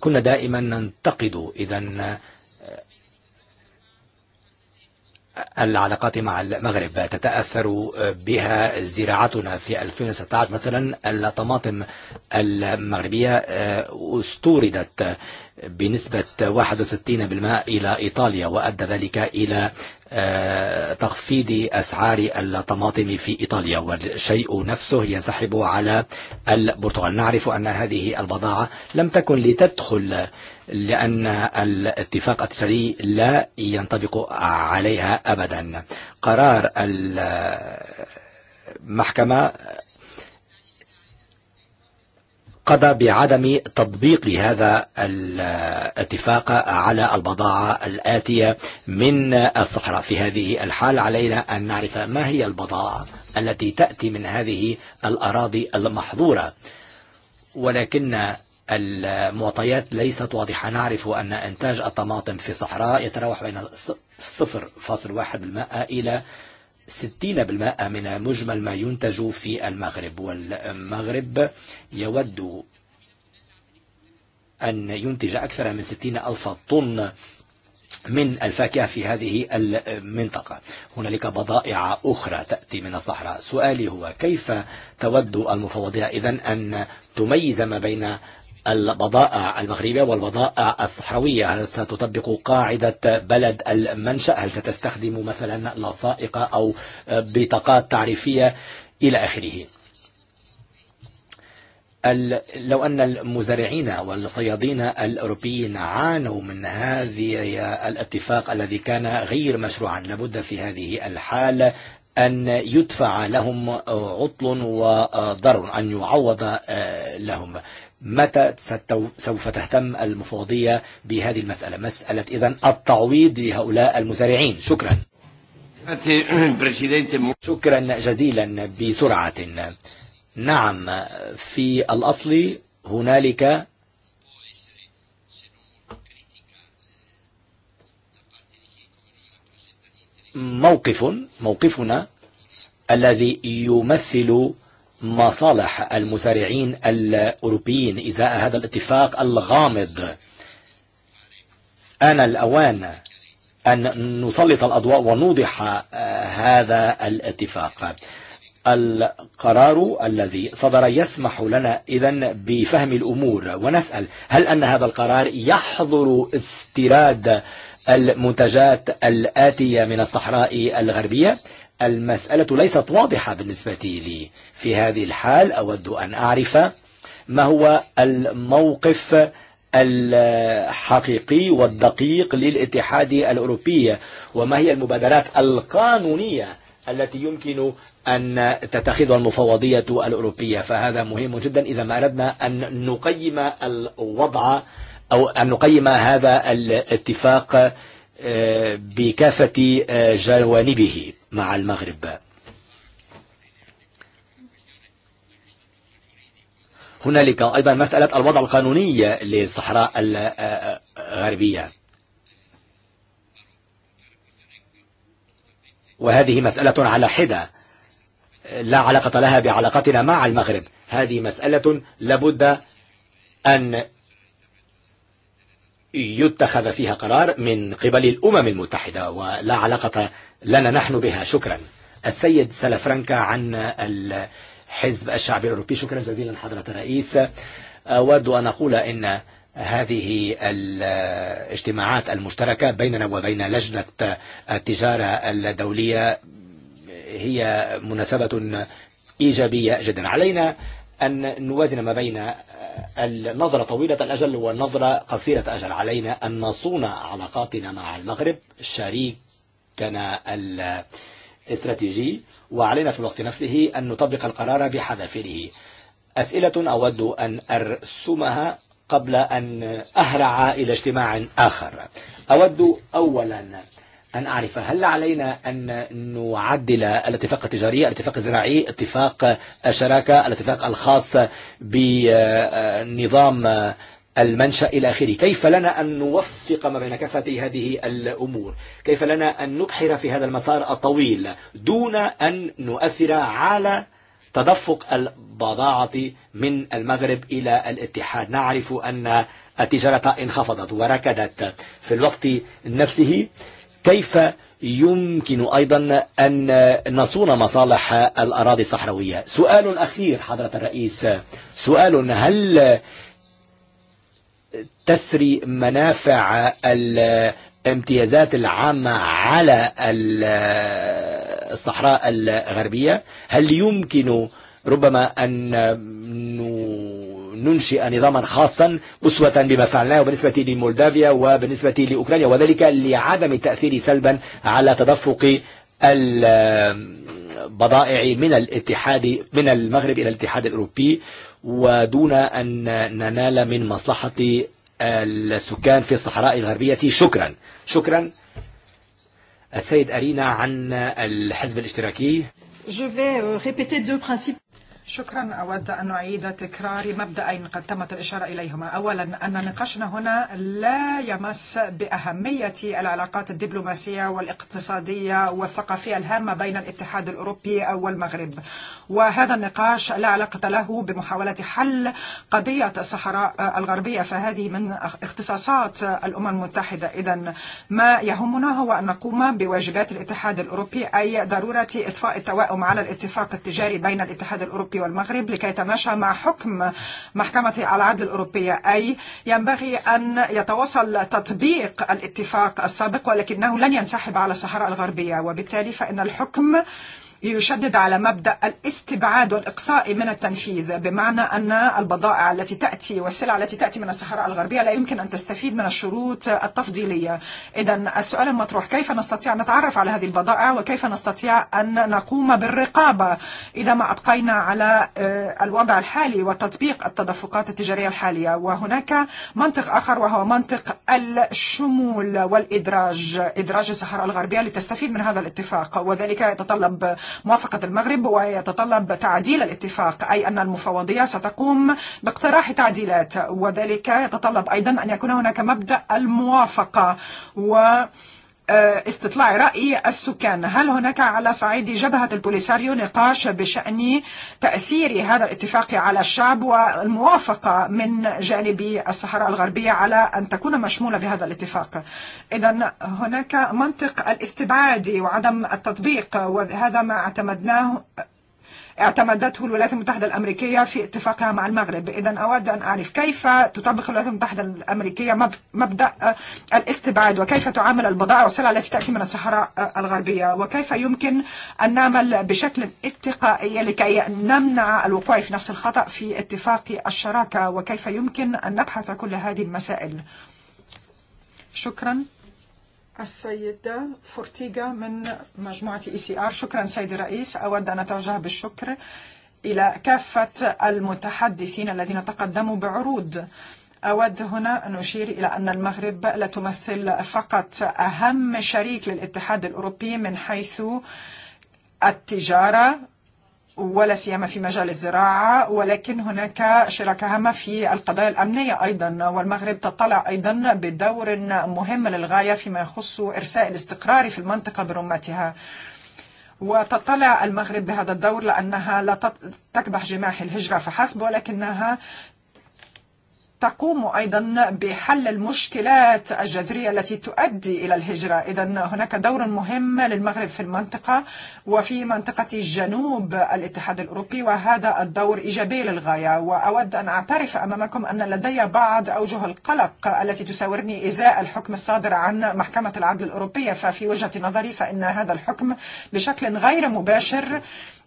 كنا دائما ننتقد إذا العلاقات مع المغرب تتأثر بها زراعتنا في 2016 مثلا الطماطم المغربية استوردت بنسبة 61% إلى إيطاليا وأدى ذلك إلى تخفيض أسعار الطماطم في إيطاليا والشيء نفسه ينسحب على البرتغال نعرف أن هذه البضاعة لم تكن لتدخل لأن الاتفاق التجاري لا ينطبق عليها أبدا قرار المحكمة قضى بعدم تطبيق هذا الاتفاق على البضاعة الآتية من الصحراء في هذه الحال علينا أن نعرف ما هي البضاعة التي تأتي من هذه الأراضي المحظورة ولكن المعطيات ليست واضحة نعرف أن إنتاج الطماطم في الصحراء يتراوح بين 0.1% إلى 60% من مجمل ما ينتج في المغرب والمغرب يود أن ينتج أكثر من 60 ألف طن من الفاكهة في هذه المنطقة هنالك بضائع أخرى تأتي من الصحراء سؤالي هو كيف تود المفوضية إذن أن تميز ما بين البضائع المغربية والبضائع الصحراوية هل ستطبق قاعدة بلد المنشأ هل ستستخدم مثلا لصائق أو بطاقات تعريفية إلى آخره لو أن المزارعين والصيادين الأوروبيين عانوا من هذا الاتفاق الذي كان غير مشروعا لابد في هذه الحالة أن يدفع لهم عطل وضر أن يعوض لهم متى سوف تهتم المفوضية بهذه المسألة مسألة إذا التعويض لهؤلاء المزارعين شكرا شكرا جزيلا بسرعة نعم في الأصل هنالك موقف موقفنا الذي يمثل مصالح المسارعين الأوروبيين إزاء هذا الاتفاق الغامض أنا الأوان أن نسلط الأضواء ونوضح هذا الاتفاق القرار الذي صدر يسمح لنا إذن بفهم الأمور ونسأل هل أن هذا القرار يحظر استيراد المنتجات الآتية من الصحراء الغربية؟ المسألة ليست واضحة بالنسبة لي في هذه الحال أود أن أعرف ما هو الموقف الحقيقي والدقيق للاتحاد الأوروبي وما هي المبادرات القانونية التي يمكن أن تتخذها المفوضية الأوروبية فهذا مهم جدا إذا ما أردنا أن نقيم الوضع أو أن نقيم هذا الاتفاق بكافة جوانبه مع المغرب هناك أيضا مسألة الوضع القانوني للصحراء الغربية وهذه مسألة على حدة لا علاقة لها بعلاقتنا مع المغرب هذه مسألة لابد أن يتخذ فيها قرار من قبل الأمم المتحدة ولا علاقة لنا نحن بها شكرا السيد سلافرانكا عن الحزب الشعبي الأوروبي شكرا جزيلا حضرة الرئيس أود أن أقول أن هذه الاجتماعات المشتركة بيننا وبين لجنة التجارة الدولية هي مناسبة إيجابية جدا علينا أن نوازن ما بين النظرة طويلة الأجل والنظرة قصيرة أجل علينا أن نصون علاقاتنا مع المغرب شريكنا الاستراتيجي وعلينا في الوقت نفسه أن نطبق القرار بحذافيره أسئلة أود أن أرسمها قبل أن أهرع إلى اجتماع آخر أود أولاً أن أعرف هل علينا أن نعدل الاتفاق التجاري الاتفاق الزراعي اتفاق الشراكة الاتفاق الخاص بنظام المنشأ إلى آخره كيف لنا أن نوفق ما بين كافة هذه الأمور كيف لنا أن نبحر في هذا المسار الطويل دون أن نؤثر على تدفق البضاعة من المغرب إلى الاتحاد نعرف أن التجارة انخفضت وركدت في الوقت نفسه كيف يمكن أيضا أن نصون مصالح الأراضي الصحراوية سؤال أخير حضرة الرئيس سؤال هل تسري منافع الامتيازات العامة على الصحراء الغربية هل يمكن ربما أن ننشئ نظاما خاصا أسوة بما فعلناه بالنسبة لمولدافيا وبالنسبة لأوكرانيا وذلك لعدم التأثير سلبا على تدفق البضائع من الاتحاد من المغرب إلى الاتحاد الأوروبي ودون أن ننال من مصلحة السكان في الصحراء الغربية شكرا شكرا السيد أرينا عن الحزب الاشتراكي Je vais euh, répéter deux principes. شكرا أود أن أعيد تكرار مبدأين قد تمت الإشارة إليهما أولا أن نقاشنا هنا لا يمس بأهمية العلاقات الدبلوماسية والاقتصادية والثقافية الهامة بين الاتحاد الأوروبي والمغرب وهذا النقاش لا علاقة له بمحاولة حل قضية الصحراء الغربية فهذه من اختصاصات الأمم المتحدة إذا ما يهمنا هو أن نقوم بواجبات الاتحاد الأوروبي أي ضرورة إطفاء التوائم على الاتفاق التجاري بين الاتحاد الأوروبي الأوروبي والمغرب لكي يتماشى مع حكم محكمة العدل الأوروبية أي ينبغي أن يتواصل تطبيق الاتفاق السابق ولكنه لن ينسحب على الصحراء الغربية وبالتالي فإن الحكم يشدد على مبدأ الاستبعاد والإقصاء من التنفيذ بمعنى أن البضائع التي تأتي والسلع التي تأتي من الصحراء الغربية لا يمكن أن تستفيد من الشروط التفضيلية إذا السؤال المطروح كيف نستطيع أن نتعرف على هذه البضائع وكيف نستطيع أن نقوم بالرقابة إذا ما أبقينا على الوضع الحالي وتطبيق التدفقات التجارية الحالية وهناك منطق آخر وهو منطق الشمول والإدراج إدراج الصحراء الغربية لتستفيد من هذا الاتفاق وذلك يتطلب موافقة المغرب ويتطلب تعديل الاتفاق أي أن المفاوضية ستقوم باقتراح تعديلات وذلك يتطلب أيضا أن يكون هناك مبدأ الموافقة و استطلاع رأي السكان هل هناك على صعيد جبهة البوليساريو نقاش بشأن تأثير هذا الاتفاق على الشعب والموافقة من جانب الصحراء الغربية على أن تكون مشمولة بهذا الاتفاق إذا هناك منطق الاستبعاد وعدم التطبيق وهذا ما اعتمدناه اعتمدته الولايات المتحدة الأمريكية في اتفاقها مع المغرب إذا أود أن أعرف كيف تطبق الولايات المتحدة الأمريكية مبدأ الاستبعاد وكيف تعامل البضائع والسلع التي تأتي من الصحراء الغربية وكيف يمكن أن نعمل بشكل اتقائي لكي نمنع الوقوع في نفس الخطأ في اتفاق الشراكة وكيف يمكن أن نبحث كل هذه المسائل شكرا السيدة فورتيغا من مجموعة إي سي آر شكرا سيد الرئيس أود أن أتوجه بالشكر إلى كافة المتحدثين الذين تقدموا بعروض أود هنا أن أشير إلى أن المغرب لا تمثل فقط أهم شريك للاتحاد الأوروبي من حيث التجارة ولا سيما في مجال الزراعة ولكن هناك شراكة هامة في القضايا الأمنية أيضا والمغرب تطلع أيضا بدور مهم للغاية فيما يخص إرساء الاستقرار في المنطقة برمتها وتطلع المغرب بهذا الدور لأنها لا تكبح جماح الهجرة فحسب ولكنها تقوم أيضا بحل المشكلات الجذرية التي تؤدي إلى الهجرة إذا هناك دور مهم للمغرب في المنطقة وفي منطقة جنوب الاتحاد الأوروبي وهذا الدور إيجابي للغاية وأود أن أعترف أمامكم أن لدي بعض أوجه القلق التي تساورني إزاء الحكم الصادر عن محكمة العدل الأوروبية ففي وجهة نظري فإن هذا الحكم بشكل غير مباشر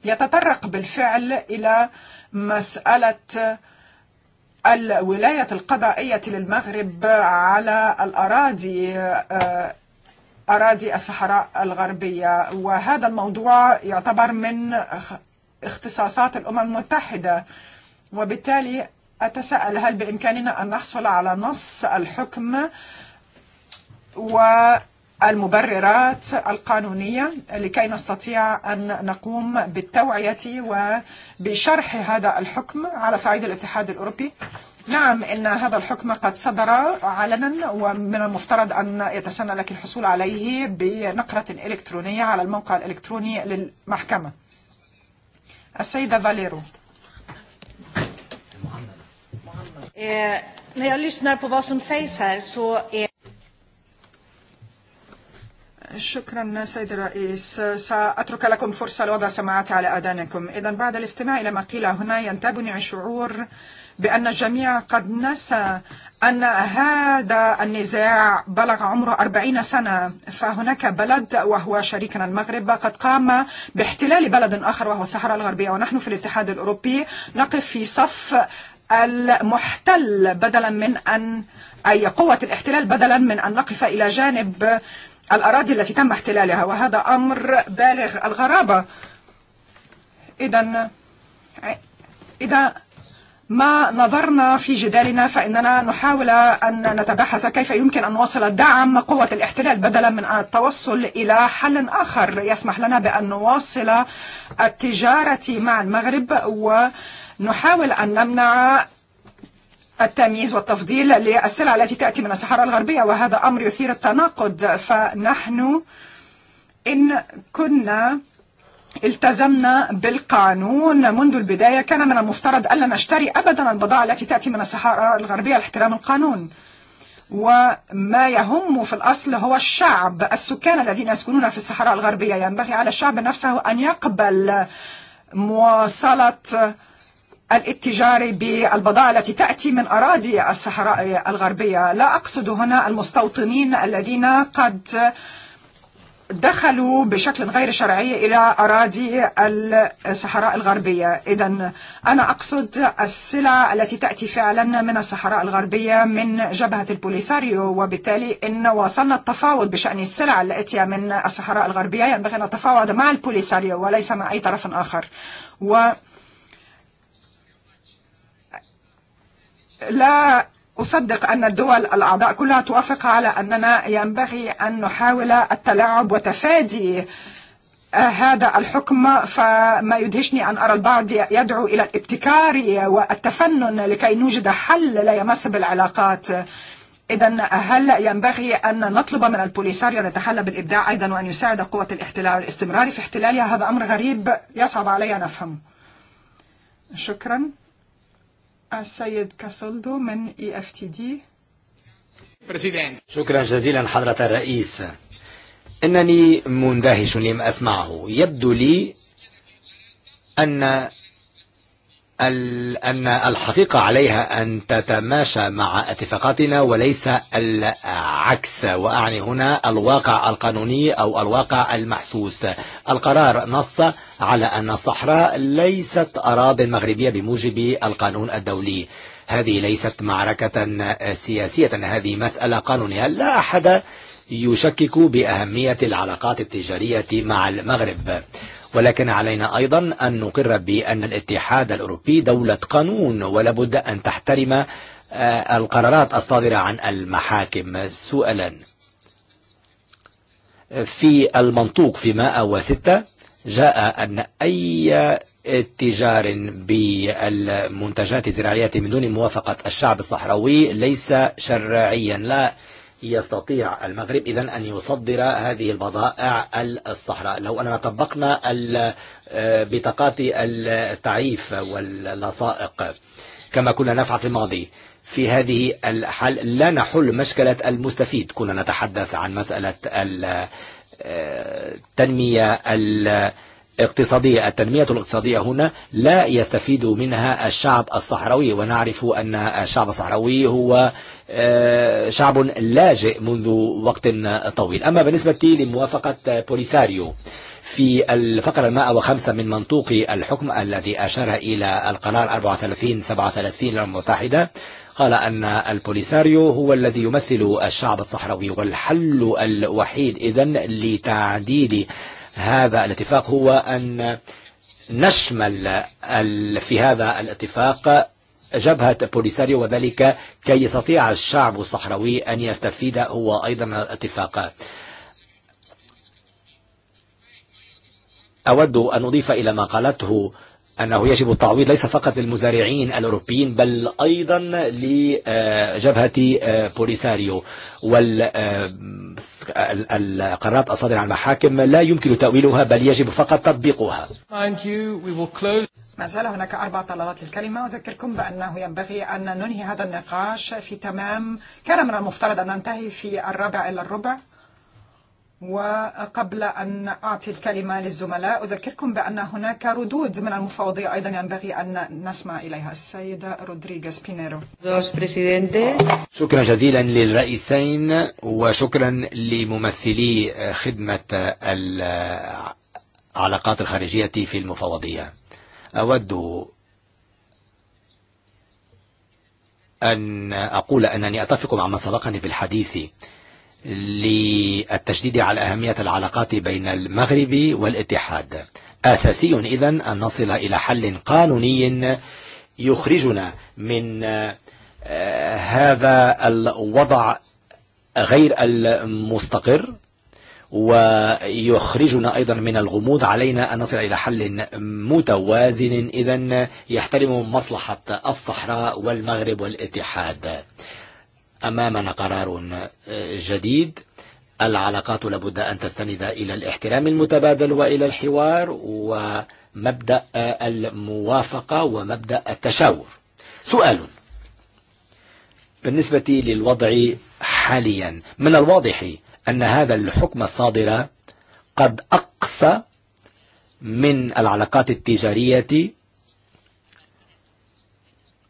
يتطرق بالفعل إلى مسألة الولاية القضائية للمغرب على الأراضي أراضي الصحراء الغربية وهذا الموضوع يعتبر من اختصاصات الأمم المتحدة وبالتالي أتساءل هل بإمكاننا أن نحصل على نص الحكم و المبررات القانونية لكي نستطيع أن نقوم بالتوعية وبشرح هذا الحكم على صعيد الاتحاد الأوروبي نعم إن هذا الحكم قد صدر علنا ومن المفترض أن يتسنى لك الحصول عليه بنقرة إلكترونية على الموقع الإلكتروني للمحكمة السيدة فاليرو Eh, När jag lyssnar på vad som sägs här så är شكرا سيد الرئيس سأترك لكم فرصة لوضع سماعات على آذانكم إذا بعد الاستماع إلى ما قيل هنا ينتابني الشعور بأن الجميع قد نسى أن هذا النزاع بلغ عمره 40 سنة فهناك بلد وهو شريكنا المغرب قد قام باحتلال بلد آخر وهو الصحراء الغربية ونحن في الاتحاد الأوروبي نقف في صف المحتل بدلا من أن أي قوة الاحتلال بدلا من أن نقف إلى جانب الأراضي التي تم احتلالها وهذا أمر بالغ الغرابة إذن إذا ما نظرنا في جدالنا فإننا نحاول أن نتبحث كيف يمكن أن نوصل دعم قوة الاحتلال بدلا من التوصل إلى حل آخر يسمح لنا بأن نواصل التجارة مع المغرب ونحاول أن نمنع التمييز والتفضيل للسلع التي تأتي من الصحراء الغربية وهذا أمر يثير التناقض فنحن إن كنا التزمنا بالقانون منذ البداية كان من المفترض ألا نشتري أبدا البضاعة التي تأتي من الصحراء الغربية لاحترام القانون وما يهم في الأصل هو الشعب السكان الذين يسكنون في الصحراء الغربية ينبغي على الشعب نفسه أن يقبل مواصلة الاتجار بالبضائع التي تأتي من أراضي الصحراء الغربية لا أقصد هنا المستوطنين الذين قد دخلوا بشكل غير شرعي إلى أراضي الصحراء الغربية إذا أنا أقصد السلع التي تأتي فعلا من الصحراء الغربية من جبهة البوليساريو وبالتالي إن وصلنا التفاوض بشأن السلع التي من الصحراء الغربية ينبغي يعني أن نتفاوض مع البوليساريو وليس مع أي طرف آخر و لا أصدق أن الدول الأعضاء كلها توافق على أننا ينبغي أن نحاول التلاعب وتفادي هذا الحكم فما يدهشني أن أرى البعض يدعو إلى الابتكار والتفنن لكي نوجد حل لا يمس بالعلاقات إذا هل ينبغي أن نطلب من البوليساريو أن يتحلى بالإبداع أيضا وأن يساعد قوة الاحتلال والاستمرار في احتلالها هذا أمر غريب يصعب علي أن أفهمه شكرا السيد كاسولدو من اي اف تي دي بريزيدنت شكرا جزيلا حضرة الرئيس انني مندهش لما اسمعه يبدو لي ان أن الحقيقة عليها أن تتماشى مع اتفاقاتنا وليس العكس وأعني هنا الواقع القانوني أو الواقع المحسوس القرار نص على أن الصحراء ليست أراضي مغربية بموجب القانون الدولي هذه ليست معركة سياسية هذه مسألة قانونية لا أحد يشكك بأهمية العلاقات التجارية مع المغرب ولكن علينا أيضا أن نقر بأن الاتحاد الأوروبي دولة قانون ولابد أن تحترم القرارات الصادرة عن المحاكم سؤالا في المنطوق في 106 جاء أن أي اتجار بالمنتجات الزراعية من دون موافقة الشعب الصحراوي ليس شرعيا لا يستطيع المغرب إذا أن يصدر هذه البضائع الصحراء لو أننا طبقنا بطاقات التعريف واللصائق كما كنا نفعل في الماضي في هذه الحل لا نحل مشكلة المستفيد كنا نتحدث عن مسألة التنمية المستفيد اقتصادية التنمية الاقتصادية هنا لا يستفيد منها الشعب الصحراوي ونعرف أن الشعب الصحراوي هو شعب لاجئ منذ وقت طويل أما بالنسبة لموافقة بوليساريو في الفقرة الماء وخمسة من منطوق الحكم الذي أشار إلى القرار 34-37 للأمم المتحدة قال أن البوليساريو هو الذي يمثل الشعب الصحراوي والحل الوحيد إذن لتعديل هذا الاتفاق هو أن نشمل في هذا الاتفاق جبهة بوليساريو وذلك كي يستطيع الشعب الصحراوي أن يستفيد هو أيضا الاتفاق أود أن أضيف إلى ما قالته أنه يجب التعويض ليس فقط للمزارعين الأوروبيين بل أيضا لجبهة بوليساريو والقرارات الصادرة عن المحاكم لا يمكن تأويلها بل يجب فقط تطبيقها ما زال هناك أربع طلبات للكلمة أذكركم بأنه ينبغي أن ننهي هذا النقاش في تمام كان من المفترض أن ننتهي في الرابع إلى الربع وقبل أن أعطي الكلمة للزملاء أذكركم بأن هناك ردود من المفاوضية أيضا ينبغي أن نسمع إليها السيدة رودريغيز بينيرو شكرا جزيلا للرئيسين وشكرا لممثلي خدمة العلاقات الخارجية في المفاوضية أود أن أقول أنني أتفق مع من سبقني بالحديث الحديث للتشديد على أهمية العلاقات بين المغرب والاتحاد أساسي إذن أن نصل إلى حل قانوني يخرجنا من هذا الوضع غير المستقر ويخرجنا أيضا من الغموض علينا أن نصل إلى حل متوازن إذن يحترم مصلحة الصحراء والمغرب والاتحاد أمامنا قرار جديد العلاقات لابد أن تستند إلى الاحترام المتبادل وإلى الحوار ومبدأ الموافقة ومبدأ التشاور سؤال بالنسبة للوضع حاليا من الواضح أن هذا الحكم الصادر قد أقصى من العلاقات التجارية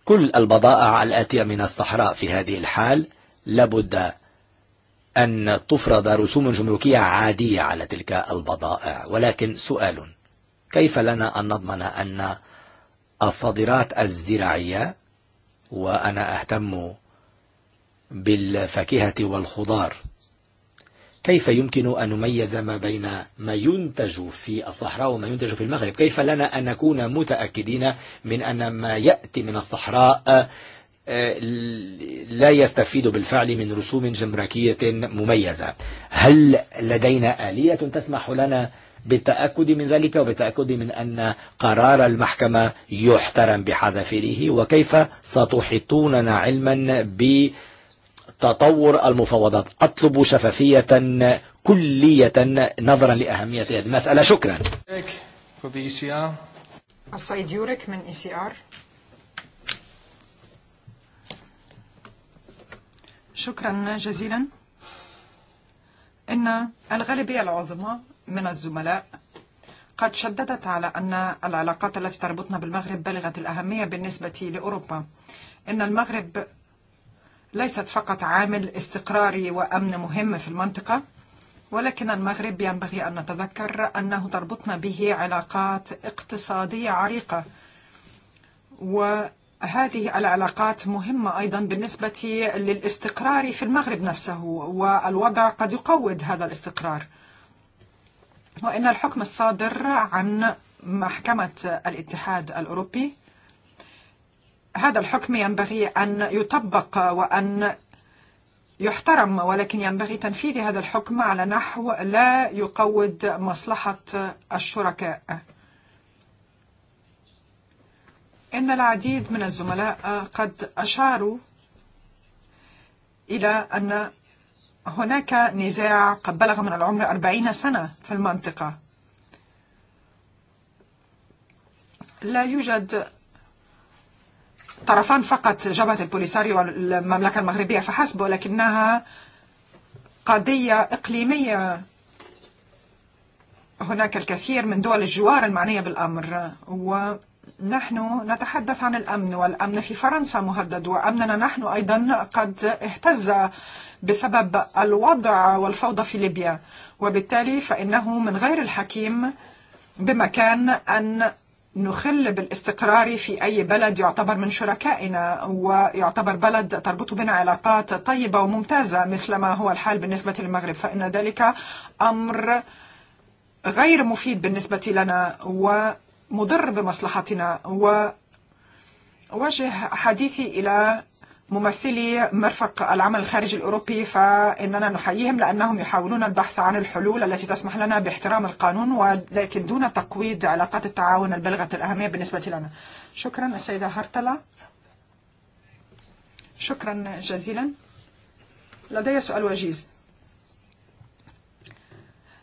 كل البضائع الآتية من الصحراء في هذه الحال لابد أن تفرض رسوم جمركية عادية على تلك البضائع ولكن سؤال كيف لنا أن نضمن أن الصادرات الزراعية وأنا أهتم بالفكهة والخضار كيف يمكن أن نميز ما بين ما ينتج في الصحراء وما ينتج في المغرب كيف لنا أن نكون متأكدين من أن ما يأتي من الصحراء لا يستفيد بالفعل من رسوم جمركية مميزة هل لدينا آلية تسمح لنا بالتأكد من ذلك وبالتأكد من أن قرار المحكمة يحترم بحذافيره وكيف ستحيطوننا علما بالتأكد تطور المفاوضات أطلب شفافية كلية نظرا لأهمية هذه المسألة شكرا السيد يوريك e من ECR شكرا جزيلا إن الغالبية العظمى من الزملاء قد شددت على أن العلاقات التي تربطنا بالمغرب بلغت الأهمية بالنسبة لأوروبا إن المغرب ليست فقط عامل استقراري وأمن مهم في المنطقة ولكن المغرب ينبغي أن نتذكر أنه تربطنا به علاقات اقتصادية عريقة وهذه العلاقات مهمة أيضا بالنسبة للاستقرار في المغرب نفسه والوضع قد يقود هذا الاستقرار وإن الحكم الصادر عن محكمة الاتحاد الأوروبي هذا الحكم ينبغي أن يطبق وأن يحترم ولكن ينبغي تنفيذ هذا الحكم على نحو لا يقود مصلحة الشركاء إن العديد من الزملاء قد أشاروا إلى أن هناك نزاع قد بلغ من العمر أربعين سنة في المنطقة لا يوجد طرفان فقط جبهة البوليساريو والمملكة المغربية فحسب ولكنها قضية إقليمية هناك الكثير من دول الجوار المعنية بالأمر ونحن نتحدث عن الأمن والأمن في فرنسا مهدد وأمننا نحن أيضا قد اهتز بسبب الوضع والفوضى في ليبيا وبالتالي فإنه من غير الحكيم بمكان أن نخل بالاستقرار في أي بلد يعتبر من شركائنا ويعتبر بلد تربط بنا علاقات طيبة وممتازة مثل ما هو الحال بالنسبة للمغرب فإن ذلك أمر غير مفيد بالنسبة لنا ومضر بمصلحتنا ووجه حديثي إلى ممثلي مرفق العمل الخارجي الأوروبي فإننا نحييهم لأنهم يحاولون البحث عن الحلول التي تسمح لنا باحترام القانون ولكن دون تقويض علاقات التعاون البلغة الأهمية بالنسبة لنا شكرا السيدة هرتلا شكرا جزيلا لدي سؤال وجيز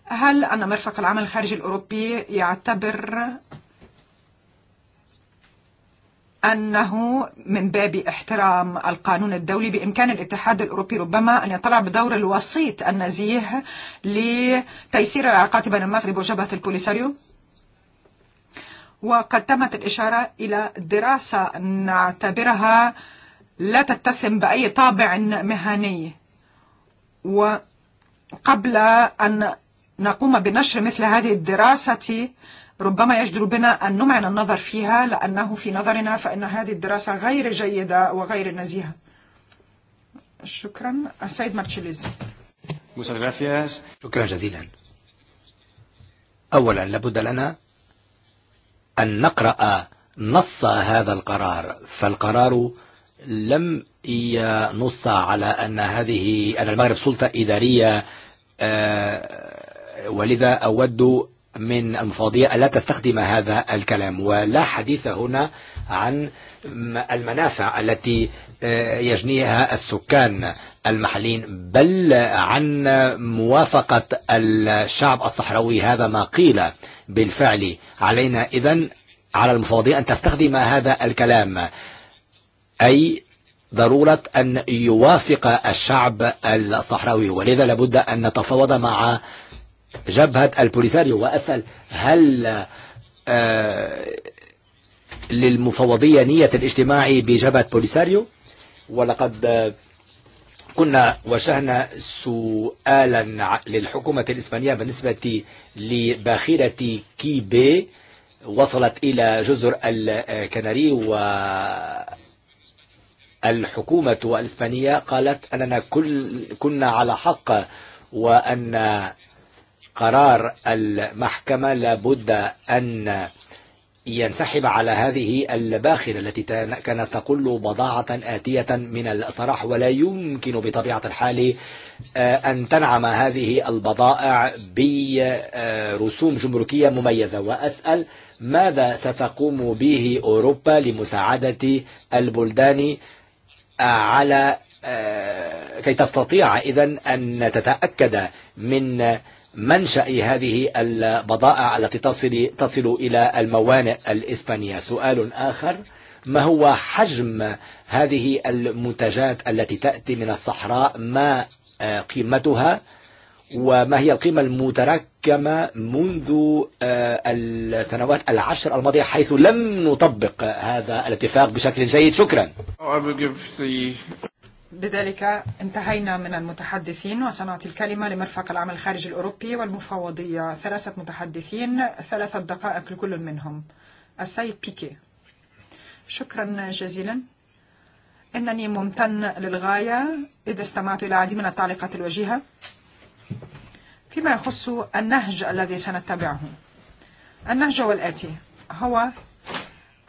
هل أن مرفق العمل الخارجي الأوروبي يعتبر أنه من باب احترام القانون الدولي بإمكان الاتحاد الأوروبي ربما أن يطلع بدور الوسيط النزيه لتيسير العلاقات بين المغرب وجبهة البوليساريو وقد تمت الإشارة إلى دراسة نعتبرها لا تتسم بأي طابع مهني وقبل أن نقوم بنشر مثل هذه الدراسة ربما يجدر بنا أن نمعن النظر فيها لأنه في نظرنا فإن هذه الدراسة غير جيدة وغير نزيهة شكرا السيد مارتشيليز شكرا جزيلا أولا لابد لنا أن نقرأ نص هذا القرار فالقرار لم ينص على أن هذه أن المغرب سلطة إدارية ولذا أود من المفاضية ألا تستخدم هذا الكلام ولا حديث هنا عن المنافع التي يجنيها السكان المحليين بل عن موافقة الشعب الصحراوي هذا ما قيل بالفعل علينا إذن على المفاضية أن تستخدم هذا الكلام أي ضرورة أن يوافق الشعب الصحراوي ولذا لابد أن نتفاوض مع جبهة البوليساريو وأسأل هل للمفوضية نية الاجتماع بجبهة بوليساريو ولقد كنا وجهنا سؤالا للحكومة الإسبانية بالنسبة لباخرة كيبي وصلت إلى جزر الكناري والحكومة الإسبانية قالت أننا كل كنا على حق وأن قرار المحكمة لابد أن ينسحب على هذه الباخرة التي كانت تقل بضاعة آتية من الصراح ولا يمكن بطبيعة الحال أن تنعم هذه البضائع برسوم جمركية مميزة وأسأل ماذا ستقوم به أوروبا لمساعدة البلدان على كي تستطيع إذن أن تتأكد من منشأ هذه البضائع التي تصل, تصل إلى الموانئ الإسبانية سؤال آخر ما هو حجم هذه المنتجات التي تأتي من الصحراء ما قيمتها وما هي القيمة المتراكمة منذ السنوات العشر الماضية حيث لم نطبق هذا الاتفاق بشكل جيد شكرا oh, بذلك انتهينا من المتحدثين وصنعت الكلمة لمرفق العمل الخارجي الأوروبي والمفوضية ثلاثة متحدثين ثلاثة دقائق لكل منهم السيد بيكي شكرا جزيلا إنني ممتن للغاية إذا استمعت إلى العديد من التعليقات الوجيهة فيما يخص النهج الذي سنتبعه النهج هو الآتي هو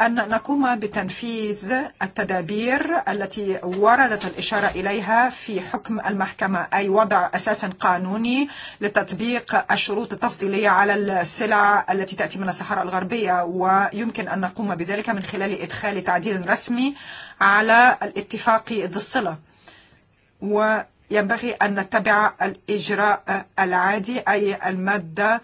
أن نقوم بتنفيذ التدابير التي وردت الإشارة إليها في حكم المحكمة أي وضع أساس قانوني لتطبيق الشروط التفضيلية على السلع التي تأتي من الصحراء الغربية ويمكن أن نقوم بذلك من خلال إدخال تعديل رسمي على الاتفاق ذي الصلة وينبغي أن نتبع الإجراء العادي أي المادة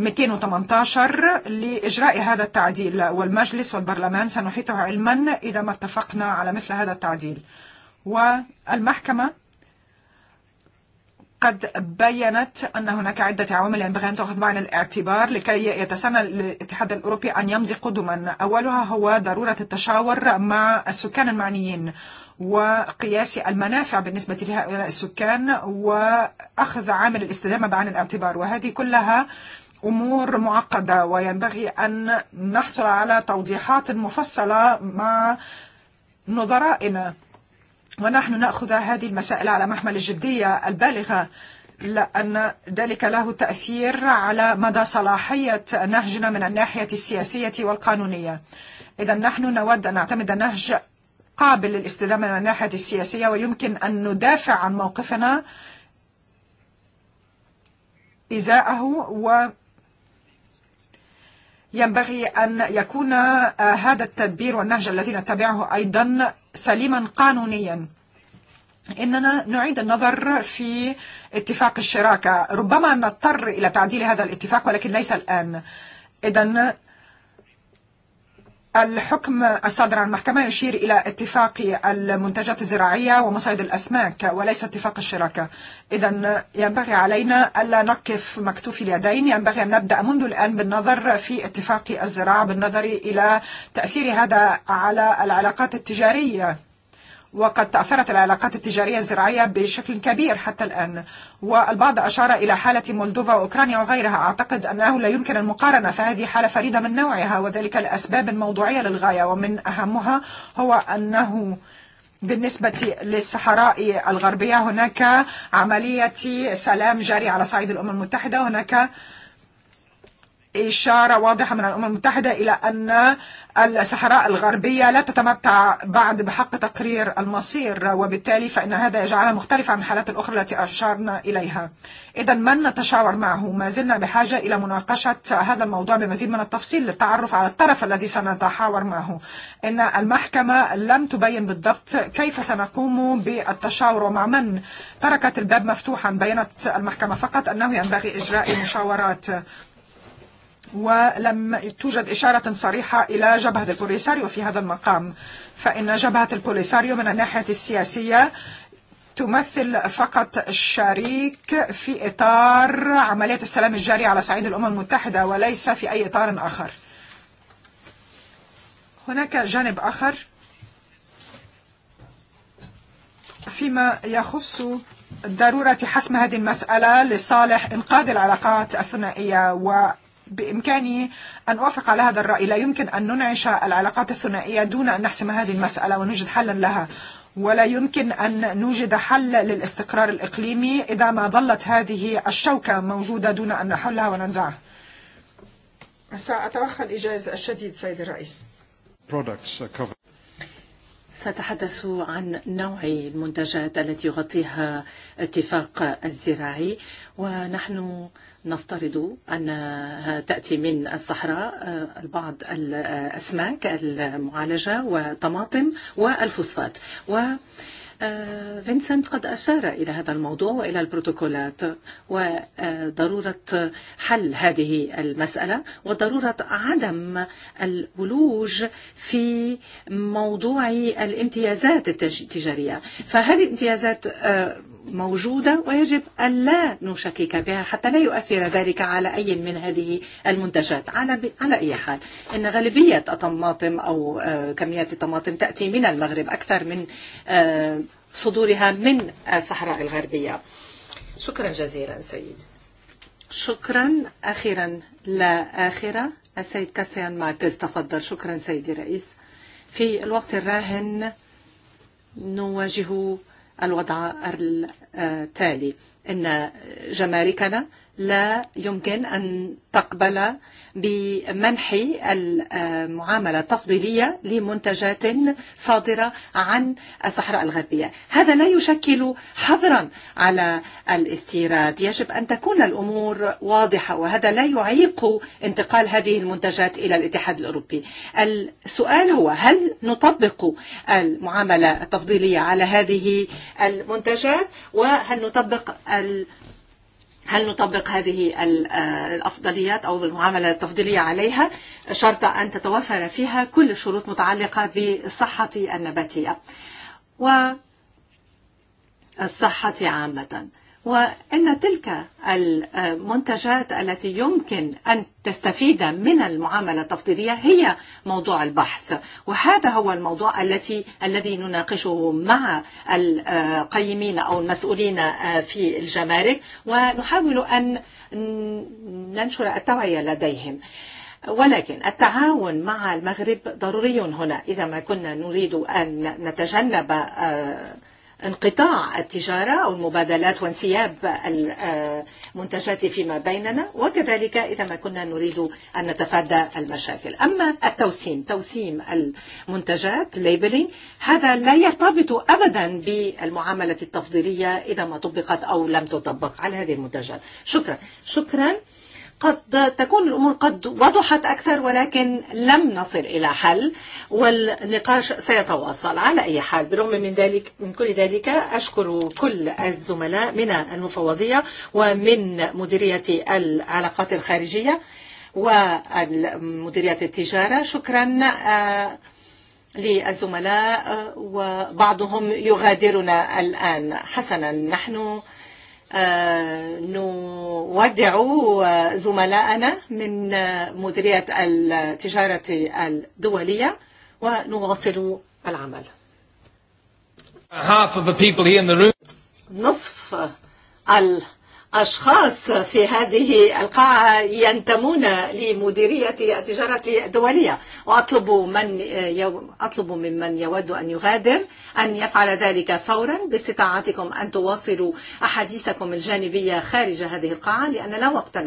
218 لإجراء هذا التعديل والمجلس والبرلمان سنحيطه علما إذا ما اتفقنا على مثل هذا التعديل والمحكمة قد بينت أن هناك عدة عوامل ينبغي أن تأخذ معنا الاعتبار لكي يتسنى الاتحاد الأوروبي أن يمضي قدما أولها هو ضرورة التشاور مع السكان المعنيين وقياس المنافع بالنسبة لهؤلاء السكان وأخذ عامل الاستدامة بعين الاعتبار وهذه كلها أمور معقدة وينبغي أن نحصل على توضيحات مفصلة مع نظرائنا ونحن نأخذ هذه المسائل على محمل الجدية البالغة لأن ذلك له تأثير على مدى صلاحية نهجنا من الناحية السياسية والقانونية إذا نحن نود أن نعتمد نهج قابل للاستدامة من الناحية السياسية ويمكن أن ندافع عن موقفنا إزاءه ينبغي أن يكون هذا التدبير والنهج الذي نتبعه أيضا سليما قانونيا إننا نعيد النظر في اتفاق الشراكة ربما نضطر إلى تعديل هذا الاتفاق ولكن ليس الآن إذا الحكم الصادر عن المحكمة يشير إلى اتفاق المنتجات الزراعية ومصايد الأسماك وليس اتفاق الشراكة إذا ينبغي علينا ألا نقف مكتوف اليدين ينبغي أن نبدأ منذ الآن بالنظر في اتفاق الزراعة بالنظر إلى تأثير هذا على العلاقات التجارية وقد تأثرت العلاقات التجارية الزراعية بشكل كبير حتى الآن والبعض أشار إلى حالة مولدوفا وأوكرانيا وغيرها أعتقد أنه لا يمكن المقارنة فهذه حالة فريدة من نوعها وذلك لأسباب موضوعية للغاية ومن أهمها هو أنه بالنسبة للصحراء الغربية هناك عملية سلام جاري على صعيد الأمم المتحدة هناك إشارة واضحة من الأمم المتحدة إلى أن الصحراء الغربية لا تتمتع بعد بحق تقرير المصير وبالتالي فإن هذا يجعلها مختلفة عن الحالات الأخرى التي أشارنا إليها إذا من نتشاور معه ما زلنا بحاجة إلى مناقشة هذا الموضوع بمزيد من التفصيل للتعرف على الطرف الذي سنتحاور معه إن المحكمة لم تبين بالضبط كيف سنقوم بالتشاور ومع من تركت الباب مفتوحا بينت المحكمة فقط أنه ينبغي إجراء مشاورات ولم توجد إشارة صريحة إلى جبهة البوليساريو في هذا المقام فإن جبهة البوليساريو من الناحية السياسية تمثل فقط الشريك في إطار عملية السلام الجارية على صعيد الأمم المتحدة وليس في أي إطار آخر هناك جانب آخر فيما يخص ضرورة حسم هذه المسألة لصالح إنقاذ العلاقات الثنائية و بإمكاني أن أوافق على هذا الرأي لا يمكن أن ننعش العلاقات الثنائية دون أن نحسم هذه المسألة ونجد حلا لها ولا يمكن أن نوجد حل للاستقرار الإقليمي إذا ما ظلت هذه الشوكة موجودة دون أن نحلها وننزعها سأتوخى الإجاز الشديد سيد الرئيس ستحدث عن نوع المنتجات التي يغطيها اتفاق الزراعي ونحن نفترض أن تأتي من الصحراء بعض الأسماك المعالجة وطماطم والفوسفات و فينسنت قد أشار إلى هذا الموضوع وإلى البروتوكولات وضرورة حل هذه المسألة وضرورة عدم الولوج في موضوع الامتيازات التجارية فهذه الامتيازات موجودة ويجب أن لا نشكك بها حتى لا يؤثر ذلك على أي من هذه المنتجات على, ب... على أي حال إن غالبية الطماطم أو كميات الطماطم تأتي من المغرب أكثر من صدورها من الصحراء الغربية شكرا جزيلا سيد شكرا أخيرا لا آخرة السيد كاسيان ماركز تفضل شكرا سيدي الرئيس في الوقت الراهن نواجه الوضع التالي أن جماركنا لا يمكن أن تقبل بمنح المعاملة التفضيلية لمنتجات صادرة عن الصحراء الغربية هذا لا يشكل حظرا على الاستيراد يجب أن تكون الأمور واضحة وهذا لا يعيق انتقال هذه المنتجات إلى الاتحاد الأوروبي السؤال هو هل نطبق المعاملة التفضيلية على هذه المنتجات وهل نطبق هل نطبق هذه الأفضليات أو المعاملة التفضيلية عليها شرط أن تتوفر فيها كل الشروط متعلقة بصحة النباتية والصحة عامة وأن تلك المنتجات التي يمكن أن تستفيد من المعاملة التفضيلية هي موضوع البحث وهذا هو الموضوع التي الذي نناقشه مع القيمين أو المسؤولين في الجمارك ونحاول أن ننشر التوعية لديهم ولكن التعاون مع المغرب ضروري هنا إذا ما كنا نريد أن نتجنب آه انقطاع التجارة أو المبادلات وانسياب المنتجات فيما بيننا وكذلك إذا ما كنا نريد أن نتفادى المشاكل أما التوسيم توسيم المنتجات labeling هذا لا يرتبط أبدا بالمعاملة التفضيلية إذا ما طبقت أو لم تطبق على هذه المنتجات شكرا شكرا قد تكون الأمور قد وضحت أكثر ولكن لم نصل إلى حل والنقاش سيتواصل على أي حال برغم من ذلك من كل ذلك أشكر كل الزملاء من المفوضية ومن مديرية العلاقات الخارجية ومديرية التجارة شكرا للزملاء وبعضهم يغادرنا الآن حسنا نحن نودعوا زملائنا من مديرية التجارة الدولية ونواصل العمل Half of the people here in the room. نصف أشخاص في هذه القاعة ينتمون لمديرية التجارة الدولية وأطلب من أطلب من من يود أن يغادر أن يفعل ذلك فورا باستطاعتكم أن تواصلوا أحاديثكم الجانبية خارج هذه القاعة لأن لا وقت